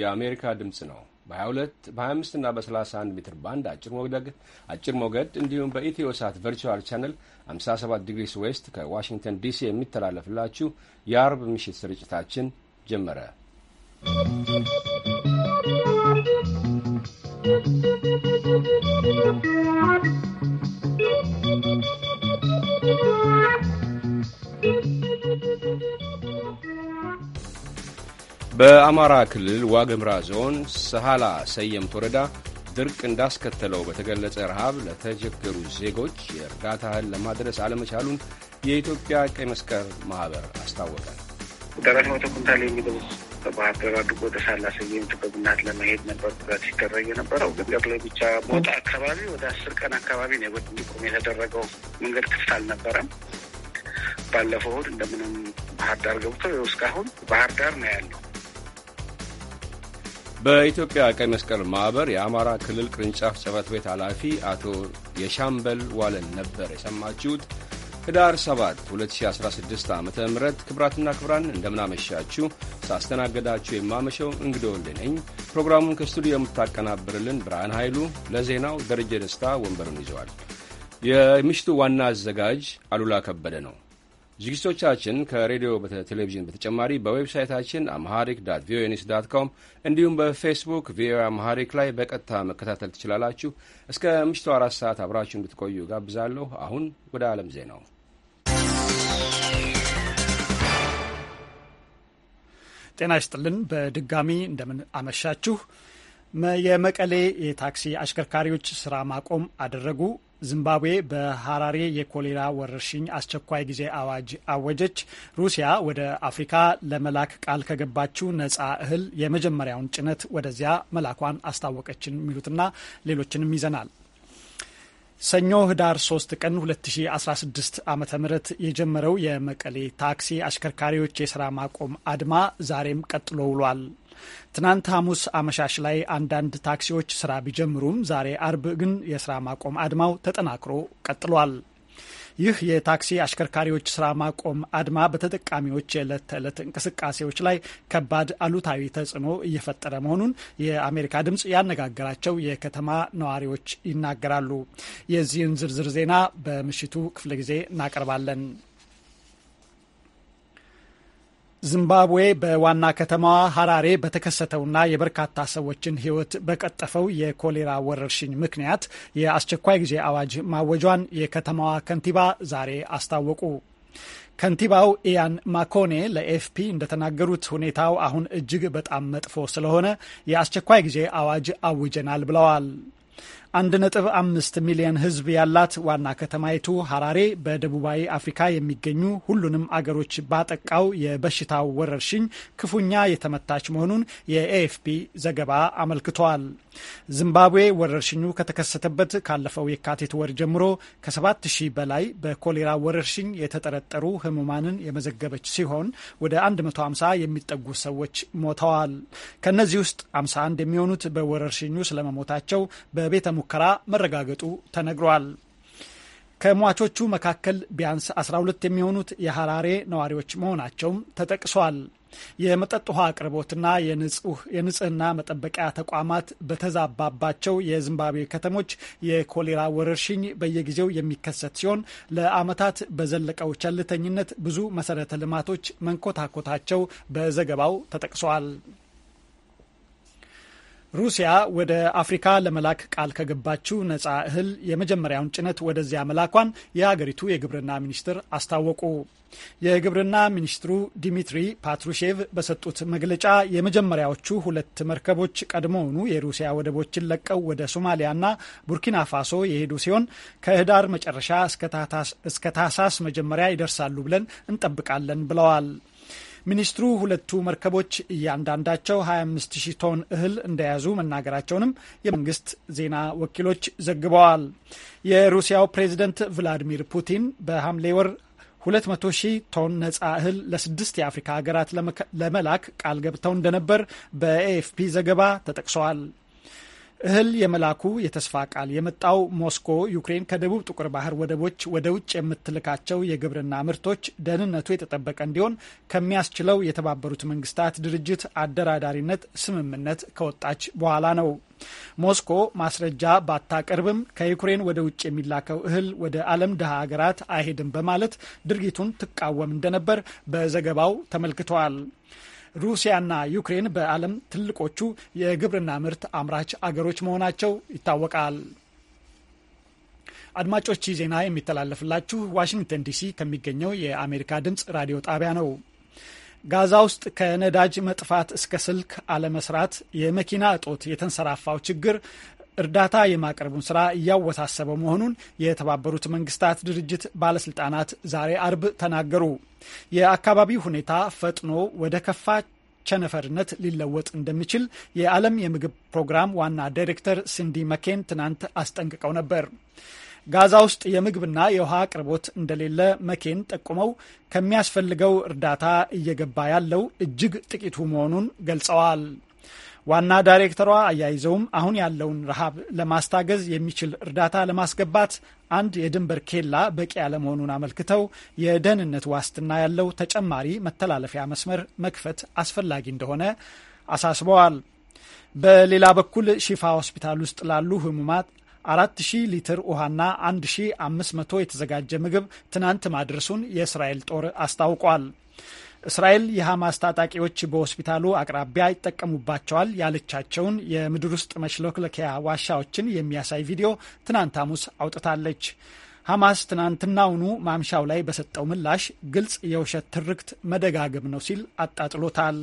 የአሜሪካ ድምፅ ነው። በ22 በ25 እና በ31 ሜትር ባንድ አጭር ሞገድ እንዲሁም በኢትዮ ሳት ቨርቹዋል ቻነል 57 ዲግሪስ ዌስት ከዋሽንግተን ዲሲ የሚተላለፍላችሁ የአርብ ምሽት ስርጭታችን ጀመረ። ¶¶ በአማራ ክልል ዋግምራ ዞን ሰሃላ ሰየምት ወረዳ ድርቅ እንዳስከተለው በተገለጸ ረሃብ ለተቸገሩ ዜጎች የእርዳታ እህል ለማድረስ አለመቻሉን የኢትዮጵያ ቀይ መስቀል ማህበር አስታወቀ። ደረቅ መቶ ኩንታል የሚደርስ በባህር ዳር አድርጎ ወደ ሳላ ሰየምት በብናት ለመሄድ ነበር ጉዳት ሲደረግ የነበረው ግን ላይ ብቻ ሞጣ አካባቢ ወደ አስር ቀን አካባቢ ነው እንዲቆም የተደረገው። መንገድ ክፍት አልነበረም። ባለፈው እሁድ እንደምንም ባህር ዳር ገብቶ እስካሁን ባህር ዳር ነው ያለው። በኢትዮጵያ ቀይ መስቀል ማኅበር የአማራ ክልል ቅርንጫፍ ጽህፈት ቤት ኃላፊ አቶ የሻምበል ዋለን ነበር የሰማችሁት። ህዳር 7 2016 ዓ ም ክብራትና ክብራን እንደምናመሻችሁ ሳስተናገዳችሁ የማመሸው እንግዶ ወልዴ ፕሮግራሙን ከስቱዲዮ የምታቀናብርልን ብርሃን ኃይሉ፣ ለዜናው ደረጀ ደስታ ወንበሩን ይዘዋል። የምሽቱ ዋና አዘጋጅ አሉላ ከበደ ነው። ዝግጅቶቻችን ከሬዲዮ ቴሌቪዥን በተጨማሪ በዌብሳይታችን አምሃሪክ ዳት ቪኦኤ ኒውስ ዳት ኮም እንዲሁም በፌስቡክ ቪኦኤ አምሃሪክ ላይ በቀጥታ መከታተል ትችላላችሁ። እስከ ምሽቱ አራት ሰዓት አብራችሁ እንድትቆዩ ጋብዛለሁ። አሁን ወደ ዓለም ዜናው ጤና ይስጥልን። በድጋሚ እንደምን አመሻችሁ። የመቀሌ የታክሲ አሽከርካሪዎች ስራ ማቆም አደረጉ። ዚምባብዌ በሐራሬ የኮሌራ ወረርሽኝ አስቸኳይ ጊዜ አዋጅ አወጀች። ሩሲያ ወደ አፍሪካ ለመላክ ቃል ከገባችው ነፃ እህል የመጀመሪያውን ጭነት ወደዚያ መላኳን አስታወቀችን። የሚሉትና ሌሎችንም ይዘናል። ሰኞ ህዳር 3 ቀን 2016 ዓ ም የጀመረው የመቀሌ ታክሲ አሽከርካሪዎች የስራ ማቆም አድማ ዛሬም ቀጥሎ ውሏል። ትናንት ሐሙስ አመሻሽ ላይ አንዳንድ ታክሲዎች ስራ ቢጀምሩም ዛሬ አርብ ግን የስራ ማቆም አድማው ተጠናክሮ ቀጥሏል። ይህ የታክሲ አሽከርካሪዎች ስራ ማቆም አድማ በተጠቃሚዎች የዕለት ተዕለት እንቅስቃሴዎች ላይ ከባድ አሉታዊ ተጽዕኖ እየፈጠረ መሆኑን የአሜሪካ ድምፅ ያነጋገራቸው የከተማ ነዋሪዎች ይናገራሉ። የዚህን ዝርዝር ዜና በምሽቱ ክፍለ ጊዜ እናቀርባለን። ዚምባብዌ በዋና ከተማዋ ሀራሬ በተከሰተውና የበርካታ ሰዎችን ሕይወት በቀጠፈው የኮሌራ ወረርሽኝ ምክንያት የአስቸኳይ ጊዜ አዋጅ ማወጇን የከተማዋ ከንቲባ ዛሬ አስታወቁ። ከንቲባው ኢያን ማኮኔ ለኤፍፒ እንደተናገሩት ሁኔታው አሁን እጅግ በጣም መጥፎ ስለሆነ የአስቸኳይ ጊዜ አዋጅ አውጀናል ብለዋል። 1.5 ሚሊዮን ህዝብ ያላት ዋና ከተማይቱ ሐራሬ በደቡባዊ አፍሪካ የሚገኙ ሁሉንም አገሮች ባጠቃው የበሽታው ወረርሽኝ ክፉኛ የተመታች መሆኑን የኤኤፍፒ ዘገባ አመልክቷል። ዚምባብዌ ወረርሽኙ ከተከሰተበት ካለፈው የካቲት ወር ጀምሮ ከ7 በላይ በኮሌራ ወረርሽኝ የተጠረጠሩ ህሙማንን የመዘገበች ሲሆን ወደ 150 የሚጠጉ ሰዎች ሞተዋል። ከእነዚህ ውስጥ 51 የሚሆኑት በወረርሽኙ ስለመሞታቸው በቤተ ሙከራ መረጋገጡ ተነግሯል። ከሟቾቹ መካከል ቢያንስ 12 የሚሆኑት የሐራሬ ነዋሪዎች መሆናቸውም ተጠቅሷል። የመጠጥ ውሃ አቅርቦትና የንጽህና መጠበቂያ ተቋማት በተዛባባቸው የዚምባብዌ ከተሞች የኮሌራ ወረርሽኝ በየጊዜው የሚከሰት ሲሆን ለአመታት በዘለቀው ቸልተኝነት ብዙ መሰረተ ልማቶች መንኮታኮታቸው በዘገባው ተጠቅሷል። ሩሲያ ወደ አፍሪካ ለመላክ ቃል ከገባችው ነጻ እህል የመጀመሪያውን ጭነት ወደዚያ መላኳን የሀገሪቱ የግብርና ሚኒስትር አስታወቁ። የግብርና ሚኒስትሩ ዲሚትሪ ፓትሩሼቭ በሰጡት መግለጫ የመጀመሪያዎቹ ሁለት መርከቦች ቀድሞውኑ የሩሲያ ወደቦችን ለቀው ወደ ሶማሊያና ቡርኪና ፋሶ የሄዱ ሲሆን ከህዳር መጨረሻ እስከ ታህሳስ መጀመሪያ ይደርሳሉ ብለን እንጠብቃለን ብለዋል። ሚኒስትሩ ሁለቱ መርከቦች እያንዳንዳቸው 25 ሺህ ቶን እህል እንደያዙ መናገራቸውንም የመንግስት ዜና ወኪሎች ዘግበዋል። የሩሲያው ፕሬዝደንት ቭላዲሚር ፑቲን በሐምሌ ወር 200 ሺህ ቶን ነጻ እህል ለስድስት የአፍሪካ ሀገራት ለመላክ ቃል ገብተው እንደነበር በኤኤፍፒ ዘገባ ተጠቅሷል። እህል የመላኩ የተስፋ ቃል የመጣው ሞስኮ ዩክሬን ከደቡብ ጥቁር ባህር ወደቦች ወደ ውጭ የምትልካቸው የግብርና ምርቶች ደህንነቱ የተጠበቀ እንዲሆን ከሚያስችለው የተባበሩት መንግስታት ድርጅት አደራዳሪነት ስምምነት ከወጣች በኋላ ነው። ሞስኮ ማስረጃ ባታቀርብም ከዩክሬን ወደ ውጭ የሚላከው እህል ወደ ዓለም ድሃ ሀገራት አይሄድም በማለት ድርጊቱን ትቃወም እንደነበር በዘገባው ተመልክተዋል። ሩሲያና ዩክሬን በዓለም ትልቆቹ የግብርና ምርት አምራች አገሮች መሆናቸው ይታወቃል። አድማጮች ዜና የሚተላለፍላችሁ ዋሽንግተን ዲሲ ከሚገኘው የአሜሪካ ድምፅ ራዲዮ ጣቢያ ነው። ጋዛ ውስጥ ከነዳጅ መጥፋት እስከ ስልክ አለመስራት፣ የመኪና እጦት የተንሰራፋው ችግር እርዳታ የማቅረቡን ስራ እያወሳሰበው መሆኑን የተባበሩት መንግስታት ድርጅት ባለስልጣናት ዛሬ አርብ ተናገሩ። የአካባቢው ሁኔታ ፈጥኖ ወደ ከፋ ቸነፈርነት ሊለወጥ እንደሚችል የዓለም የምግብ ፕሮግራም ዋና ዳይሬክተር ሲንዲ መኬን ትናንት አስጠንቅቀው ነበር። ጋዛ ውስጥ የምግብና የውሃ አቅርቦት እንደሌለ መኬን ጠቁመው ከሚያስፈልገው እርዳታ እየገባ ያለው እጅግ ጥቂቱ መሆኑን ገልጸዋል። ዋና ዳይሬክተሯ አያይዘውም አሁን ያለውን ረሃብ ለማስታገዝ የሚችል እርዳታ ለማስገባት አንድ የድንበር ኬላ በቂ ያለመሆኑን አመልክተው የደህንነት ዋስትና ያለው ተጨማሪ መተላለፊያ መስመር መክፈት አስፈላጊ እንደሆነ አሳስበዋል። በሌላ በኩል ሺፋ ሆስፒታል ውስጥ ላሉ ህሙማት 4000 ሊትር ውሃና 1500 የተዘጋጀ ምግብ ትናንት ማድረሱን የእስራኤል ጦር አስታውቋል። እስራኤል የሐማስ ታጣቂዎች በሆስፒታሉ አቅራቢያ ይጠቀሙባቸዋል ያለቻቸውን የምድር ውስጥ መሽለክለኪያ ዋሻዎችን የሚያሳይ ቪዲዮ ትናንት ሐሙስ አውጥታለች። ሐማስ ትናንትናውኑ ማምሻው ላይ በሰጠው ምላሽ ግልጽ የውሸት ትርክት መደጋገም ነው ሲል አጣጥሎታል።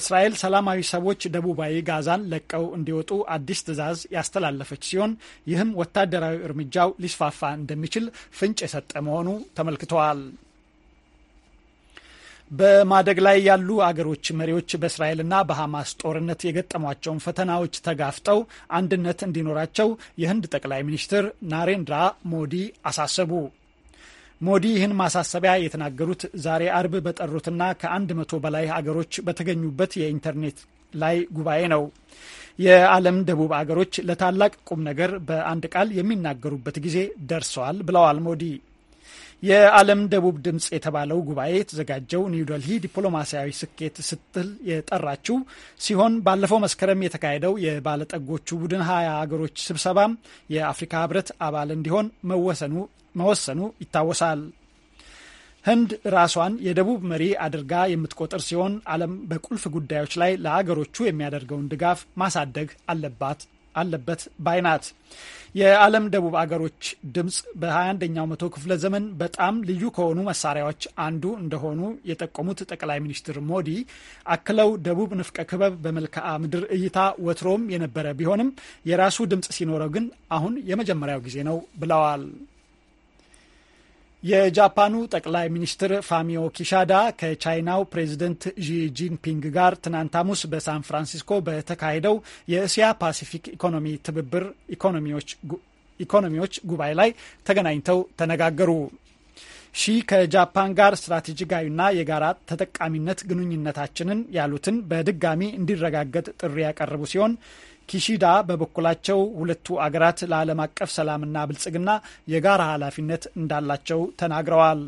እስራኤል ሰላማዊ ሰዎች ደቡባዊ ጋዛን ለቀው እንዲወጡ አዲስ ትዕዛዝ ያስተላለፈች ሲሆን ይህም ወታደራዊ እርምጃው ሊስፋፋ እንደሚችል ፍንጭ የሰጠ መሆኑ ተመልክተዋል። በማደግ ላይ ያሉ አገሮች መሪዎች በእስራኤልና በሐማስ ጦርነት የገጠሟቸውን ፈተናዎች ተጋፍጠው አንድነት እንዲኖራቸው የህንድ ጠቅላይ ሚኒስትር ናሬንድራ ሞዲ አሳሰቡ። ሞዲ ይህን ማሳሰቢያ የተናገሩት ዛሬ አርብ በጠሩትና ከአንድ መቶ በላይ አገሮች በተገኙበት የኢንተርኔት ላይ ጉባኤ ነው። የዓለም ደቡብ አገሮች ለታላቅ ቁም ነገር በአንድ ቃል የሚናገሩበት ጊዜ ደርሰዋል ብለዋል ሞዲ የዓለም ደቡብ ድምፅ የተባለው ጉባኤ የተዘጋጀው ኒውደልሂ ዲፕሎማሲያዊ ስኬት ስትል የጠራችው ሲሆን ባለፈው መስከረም የተካሄደው የባለጠጎቹ ቡድን ሀያ አገሮች ስብሰባም የአፍሪካ ህብረት አባል እንዲሆን መወሰኑ ይታወሳል። ህንድ ራሷን የደቡብ መሪ አድርጋ የምትቆጥር ሲሆን ዓለም በቁልፍ ጉዳዮች ላይ ለአገሮቹ የሚያደርገውን ድጋፍ ማሳደግ አለባት አለበት ባይ ናት። የዓለም ደቡብ አገሮች ድምፅ በ21ኛው መቶ ክፍለ ዘመን በጣም ልዩ ከሆኑ መሳሪያዎች አንዱ እንደሆኑ የጠቆሙት ጠቅላይ ሚኒስትር ሞዲ አክለው ደቡብ ንፍቀ ክበብ በመልክዓ ምድር እይታ ወትሮም የነበረ ቢሆንም የራሱ ድምፅ ሲኖረው ግን አሁን የመጀመሪያው ጊዜ ነው ብለዋል። የጃፓኑ ጠቅላይ ሚኒስትር ፋሚዮ ኪሻዳ ከቻይናው ፕሬዚደንት ዢ ጂንፒንግ ጋር ትናንት ሐሙስ በሳን ፍራንሲስኮ በተካሄደው የእስያ ፓሲፊክ ኢኮኖሚ ትብብር ኢኮኖሚዎች ጉባኤ ላይ ተገናኝተው ተነጋገሩ። ሺ ከጃፓን ጋር ስትራቴጂካዊና የጋራ ተጠቃሚነት ግንኙነታችንን ያሉትን በድጋሚ እንዲረጋገጥ ጥሪ ያቀረቡ ሲሆን ኪሺዳ በበኩላቸው ሁለቱ አገራት ለዓለም አቀፍ ሰላምና ብልጽግና የጋራ ኃላፊነት እንዳላቸው ተናግረዋል።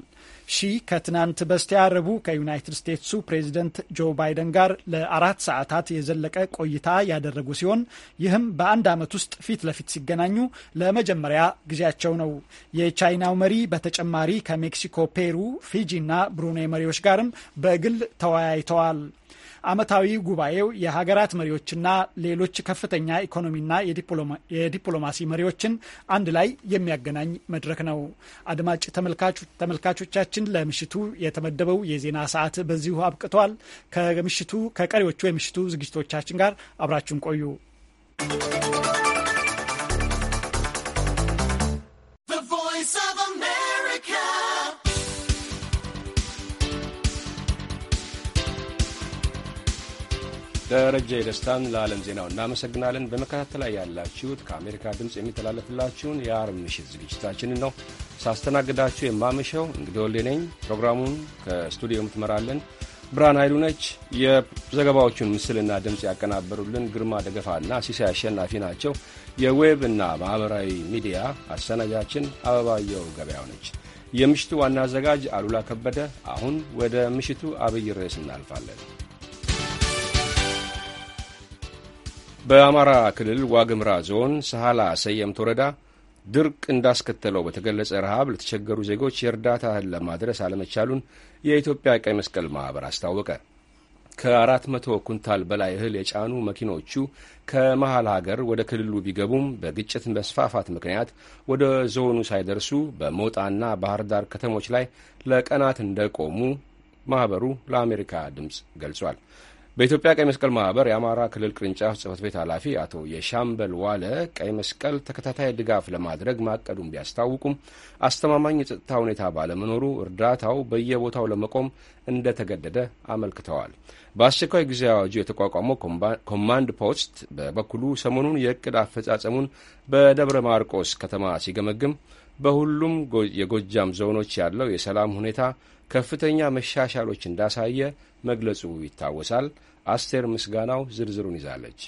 ሺ ከትናንት በስቲያ ረቡዕ ከዩናይትድ ስቴትሱ ፕሬዚደንት ጆ ባይደን ጋር ለአራት ሰዓታት የዘለቀ ቆይታ ያደረጉ ሲሆን ይህም በአንድ ዓመት ውስጥ ፊት ለፊት ሲገናኙ ለመጀመሪያ ጊዜያቸው ነው። የቻይናው መሪ በተጨማሪ ከሜክሲኮ፣ ፔሩ፣ ፊጂ እና ብሩኔ መሪዎች ጋርም በግል ተወያይተዋል። ዓመታዊ ጉባኤው የሀገራት መሪዎችና ሌሎች ከፍተኛ ኢኮኖሚና የዲፕሎማሲ መሪዎችን አንድ ላይ የሚያገናኝ መድረክ ነው። አድማጭ ተመልካቾቻችን ለምሽቱ የተመደበው የዜና ሰዓት በዚሁ አብቅቷል። ከምሽቱ ከቀሪዎቹ የምሽቱ ዝግጅቶቻችን ጋር አብራችሁን ቆዩ። ደረጀ የደስታን ለዓለም ዜናው እናመሰግናለን። በመከታተል ላይ ያላችሁት ከአሜሪካ ድምፅ የሚተላለፍላችሁን የአርብ ምሽት ዝግጅታችንን ነው። ሳስተናግዳችሁ የማመሸው እንግዲህ ወሌ ነኝ። ፕሮግራሙን ከስቱዲዮ የምትመራለን ብርሃን ኃይሉ ነች። የዘገባዎቹን ምስልና ድምፅ ያቀናበሩልን ግርማ ደገፋና ሲሳይ አሸናፊ ናቸው። የዌብ እና ማኅበራዊ ሚዲያ አሰናጃችን አበባየው ገበያው ነች። የምሽቱ ዋና አዘጋጅ አሉላ ከበደ። አሁን ወደ ምሽቱ አብይ ርዕስ እናልፋለን። በአማራ ክልል ዋግምራ ዞን ሰሃላ ሰየምት ወረዳ ድርቅ እንዳስከተለው በተገለጸ ረሃብ ለተቸገሩ ዜጎች የእርዳታ እህል ለማድረስ አለመቻሉን የኢትዮጵያ ቀይ መስቀል ማኅበር አስታወቀ። ከአራት መቶ ኩንታል በላይ እህል የጫኑ መኪኖቹ ከመሃል ሀገር ወደ ክልሉ ቢገቡም በግጭት መስፋፋት ምክንያት ወደ ዞኑ ሳይደርሱ በሞጣና ባህር ዳር ከተሞች ላይ ለቀናት እንደቆሙ ማኅበሩ ለአሜሪካ ድምፅ ገልጿል። በኢትዮጵያ ቀይ መስቀል ማህበር የአማራ ክልል ቅርንጫፍ ጽህፈት ቤት ኃላፊ አቶ የሻምበል ዋለ ቀይ መስቀል ተከታታይ ድጋፍ ለማድረግ ማቀዱን ቢያስታውቁም አስተማማኝ የጸጥታ ሁኔታ ባለመኖሩ እርዳታው በየቦታው ለመቆም እንደተገደደ አመልክተዋል። በአስቸኳይ ጊዜ አዋጁ የተቋቋመው ኮማንድ ፖስት በበኩሉ ሰሞኑን የእቅድ አፈጻጸሙን በደብረ ማርቆስ ከተማ ሲገመግም በሁሉም የጎጃም ዞኖች ያለው የሰላም ሁኔታ ከፍተኛ መሻሻሎች እንዳሳየ መግለጹ ይታወሳል። አስቴር ምስጋናው ዝርዝሩን ይዛለች።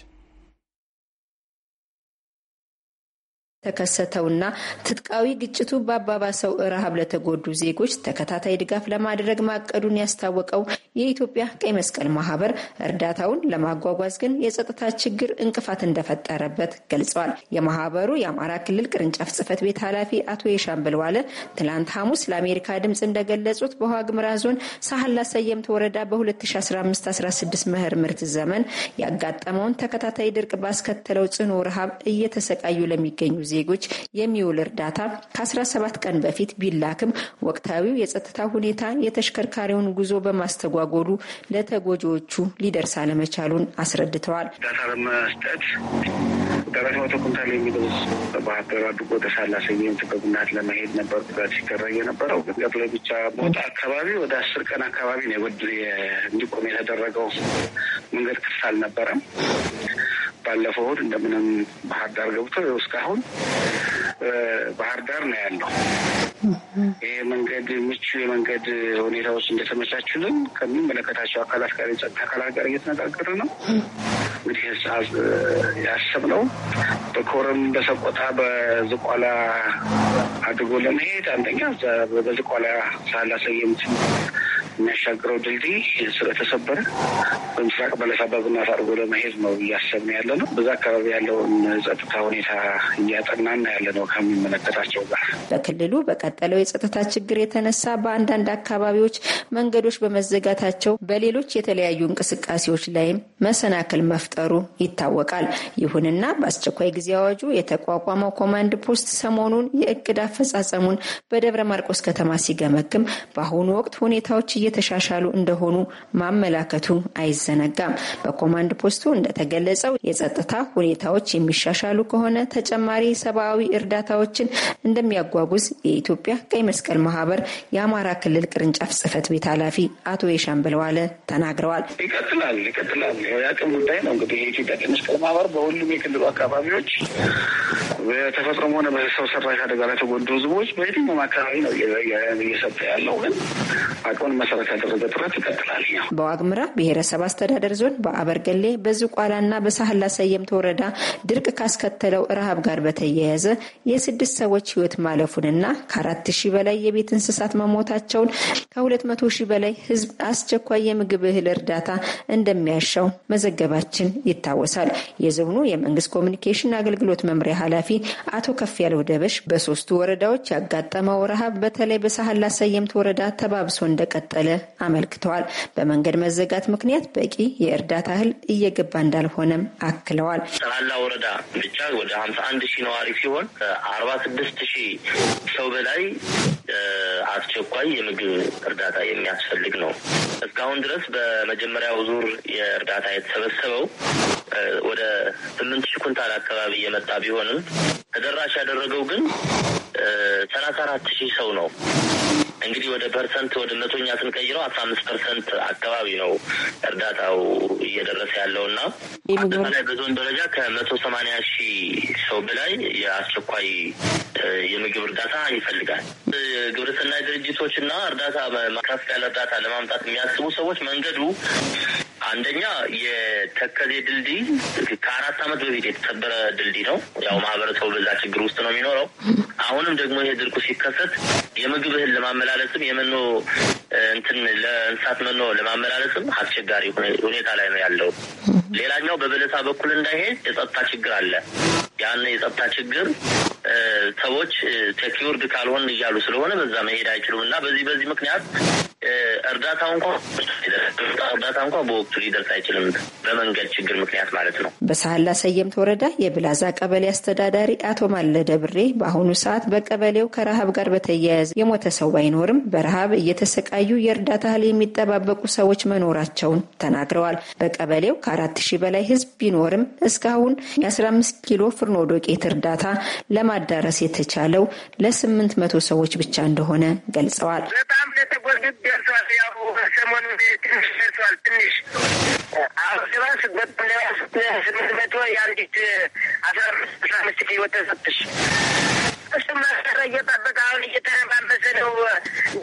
ተከሰተውና ትጥቃዊ ግጭቱ በአባባሰው ረሃብ ለተጎዱ ዜጎች ተከታታይ ድጋፍ ለማድረግ ማቀዱን ያስታወቀው የኢትዮጵያ ቀይ መስቀል ማህበር እርዳታውን ለማጓጓዝ ግን የጸጥታ ችግር እንቅፋት እንደፈጠረበት ገልጸዋል። የማህበሩ የአማራ ክልል ቅርንጫፍ ጽህፈት ቤት ኃላፊ አቶ የሻምብል ዋለ ትላንት ሐሙስ ለአሜሪካ ድምፅ እንደገለጹት በዋግ ግምራ ዞን ሳህላ ሰየምት ወረዳ በ2015/16 መኸር ምርት ዘመን ያጋጠመውን ተከታታይ ድርቅ ባስከተለው ጽኑ ረሃብ እየተሰቃዩ ለሚገኙ ዜጎች የሚውል እርዳታ ከ17 ቀን በፊት ቢላክም ወቅታዊው የጸጥታ ሁኔታ የተሽከርካሪውን ጉዞ በማስተጓጎሉ ለተጎጂዎቹ ሊደርስ አለመቻሉን አስረድተዋል። እርዳታ ለመስጠት አራት መቶ ኩንታል የሚደርስ ባህደር አድጎ ተሳላ ሳላሰ ይህን ለመሄድ ነበር ጉዳት ሲደረግ የነበረው ላይ ብቻ ቦታ አካባቢ ወደ አስር ቀን አካባቢ ነው ወድ እንዲቆም የተደረገው መንገድ ክፍት አልነበረም። ባለፈው እሑድ እንደምንም ባህር ዳር ገብቶ እስካሁን ባህር ዳር ነው ያለው። ይህ መንገድ ምቹ የመንገድ ሁኔታዎች እንደተመቻችልን ከሚመለከታቸው አካላት ጋር የጸጥታ አካላት ጋር እየተነጋገረ ነው። እንግዲህ ያሰብነው በኮረም በሰቆጣ በዝቋላ አድርጎ ለመሄድ አንደኛ በዝቋላ ሳህላ ሰየምት የሚያሻግረው ድልድይ ስለተሰበረ በምስራቅ በለሳ በብናት አድርጎ ለመሄድ ነው እያሰብን ያለ ነው። በዛ አካባቢ ያለውን ጸጥታ ሁኔታ እያጠናና ያለ ነው ከሚመለከታቸው ጋር። በክልሉ በቀጠለው የጸጥታ ችግር የተነሳ በአንዳንድ አካባቢዎች መንገዶች በመዘጋታቸው በሌሎች የተለያዩ እንቅስቃሴዎች ላይም መሰናክል መፍጠሩ ይታወቃል። ይሁንና በአስቸኳይ ጊዜ አዋጁ የተቋቋመው ኮማንድ ፖስት ሰሞኑን የእቅድ አፈጻጸሙን በደብረ ማርቆስ ከተማ ሲገመግም በአሁኑ ወቅት ሁኔታዎች እየተሻሻሉ እንደሆኑ ማመላከቱ አይዘነጋም። በኮማንድ ፖስቱ እንደተገለጸው የጸጥታ ሁኔታዎች የሚሻሻሉ ከሆነ ተጨማሪ ሰብአዊ እርዳታዎችን እንደሚያጓጉዝ የኢትዮጵያ ቀይ መስቀል ማህበር የአማራ ክልል ቅርንጫፍ ጽህፈት ቤት ኃላፊ አቶ የሻምበል ዋለ ተናግረዋል። ይቀጥላል ይቀጥላል። የአቅም ጉዳይ ነው እንግዲህ የኢትዮጵያ ቀይ መስቀል ማህበር በሁሉም የክልሉ አካባቢዎች በተፈጥሮም ሆነ በሰው ሰራሽ አደጋ ላይ ተጎዱ ህዝቦች በየትኛውም አካባቢ ነው እየሰጠ ያለው፣ ግን አቅምን መሰረት ያደረገ ጥረት ይቀጥላል። በዋግምራ ብሔረሰብ አስተዳደር ዞን በአበርገሌ በዝቋላ እና በሳህላ ሰየምት ወረዳ ድርቅ ካስከተለው ረሃብ ጋር በተያያዘ የስድስት ሰዎች ህይወት ማለፉንና ከአራት ሺህ በላይ የቤት እንስሳት መሞታቸውን ከሁለት መቶ ሺህ በላይ ህዝብ አስቸኳይ የምግብ እህል እርዳታ እንደሚያሻው መዘገባችን ይታወሳል። የዞኑ የመንግስት ኮሚኒኬሽን አገልግሎት መምሪያ ኃላፊ አቶ ከፍ ያለው ደበሽ በሶስቱ ወረዳዎች ያጋጠመው ረሃብ በተለይ በሳህላ ሰየምት ወረዳ ተባብሶ እንደቀጠለ አመልክተዋል። በመንገድ መዘጋት ምክንያት በቂ የእርዳታ እህል እየገባ እንዳልሆነም አክለዋል። ጠቅላላ ወረዳ ብቻ ወደ ሀምሳ አንድ ሺህ ነዋሪ ሲሆን ከአርባ ስድስት ሺህ ሰው በላይ አስቸኳይ የምግብ እርዳታ የሚያስፈልግ ነው። እስካሁን ድረስ በመጀመሪያው ዙር የእርዳታ የተሰበሰበው ወደ ስምንት ሺህ ኩንታል አካባቢ የመጣ ቢሆንም ተደራሽ ያደረገው ግን ሰላሳ አራት ሺህ ሰው ነው። እንግዲህ ወደ ፐርሰንት ወደ መቶኛ ስንቀይረው አስራ አምስት ፐርሰንት አካባቢ ነው እርዳታው እየደረሰ ያለው እና አጠቃላይ በዞን ደረጃ ከመቶ ሰማኒያ ሺህ ሰው በላይ የአስቸኳይ የምግብ እርዳታ ይፈልጋል። ግብረሰናይ ድርጅቶች እና እርዳታ ያለ እርዳታ ለማምጣት የሚያስቡ ሰዎች መንገዱ አንደኛ የተከዜ ድልድይ ከአራት ዓመት በፊት የተሰበረ ድልድይ ነው። ያው ማህበረሰቡ በዛ ችግር ውስጥ ነው የሚኖረው። አሁንም ደግሞ ይሄ ድርቁ ሲከሰት የምግብ እህል ለማመላለስም የመኖ እንትን ለእንስሳት መኖ ለማመላለስም አስቸጋሪ ሁኔታ ላይ ነው ያለው። ሌላኛው በበለሳ በኩል እንዳይሄድ የጸጥታ ችግር አለ። ያን የጸጥታ ችግር ሰዎች ሴኪውርድ ካልሆን እያሉ ስለሆነ በዛ መሄድ አይችሉም እና በዚህ በዚህ ምክንያት እርዳታ እንኳ እርዳታ እንኳ በወቅቱ ሊደርስ አይችልም፣ በመንገድ ችግር ምክንያት ማለት ነው። በሳህላ ሰየምት ወረዳ የብላዛ ቀበሌ አስተዳዳሪ አቶ ማለደ ብሬ በአሁኑ ሰዓት በቀበሌው ከረሃብ ጋር በተያያዘ የሞተ ሰው ባይኖርም በረሃብ እየተሰቃዩ የእርዳታ እህል የሚጠባበቁ ሰዎች መኖራቸውን ተናግረዋል። በቀበሌው ከአራት ሺህ በላይ ህዝብ ቢኖርም እስካሁን የአስራ 15 ኪሎ ፍርኖ ዶቄት እርዳታ ለማዳረስ የተቻለው ለስምንት መቶ ሰዎች ብቻ እንደሆነ ገልጸዋል። ደርሷል። ያው ሰሞኑ ትንሽ ደርሷል። ትንሽ አሁን ድረስ ስምንት መቶ የአንዲት አስራ አምስት አስራ አምስት ህይወት ተሰጥሽ እሱ ማሰራ እየጠበቀ አሁን እየተረማመሰ ነው።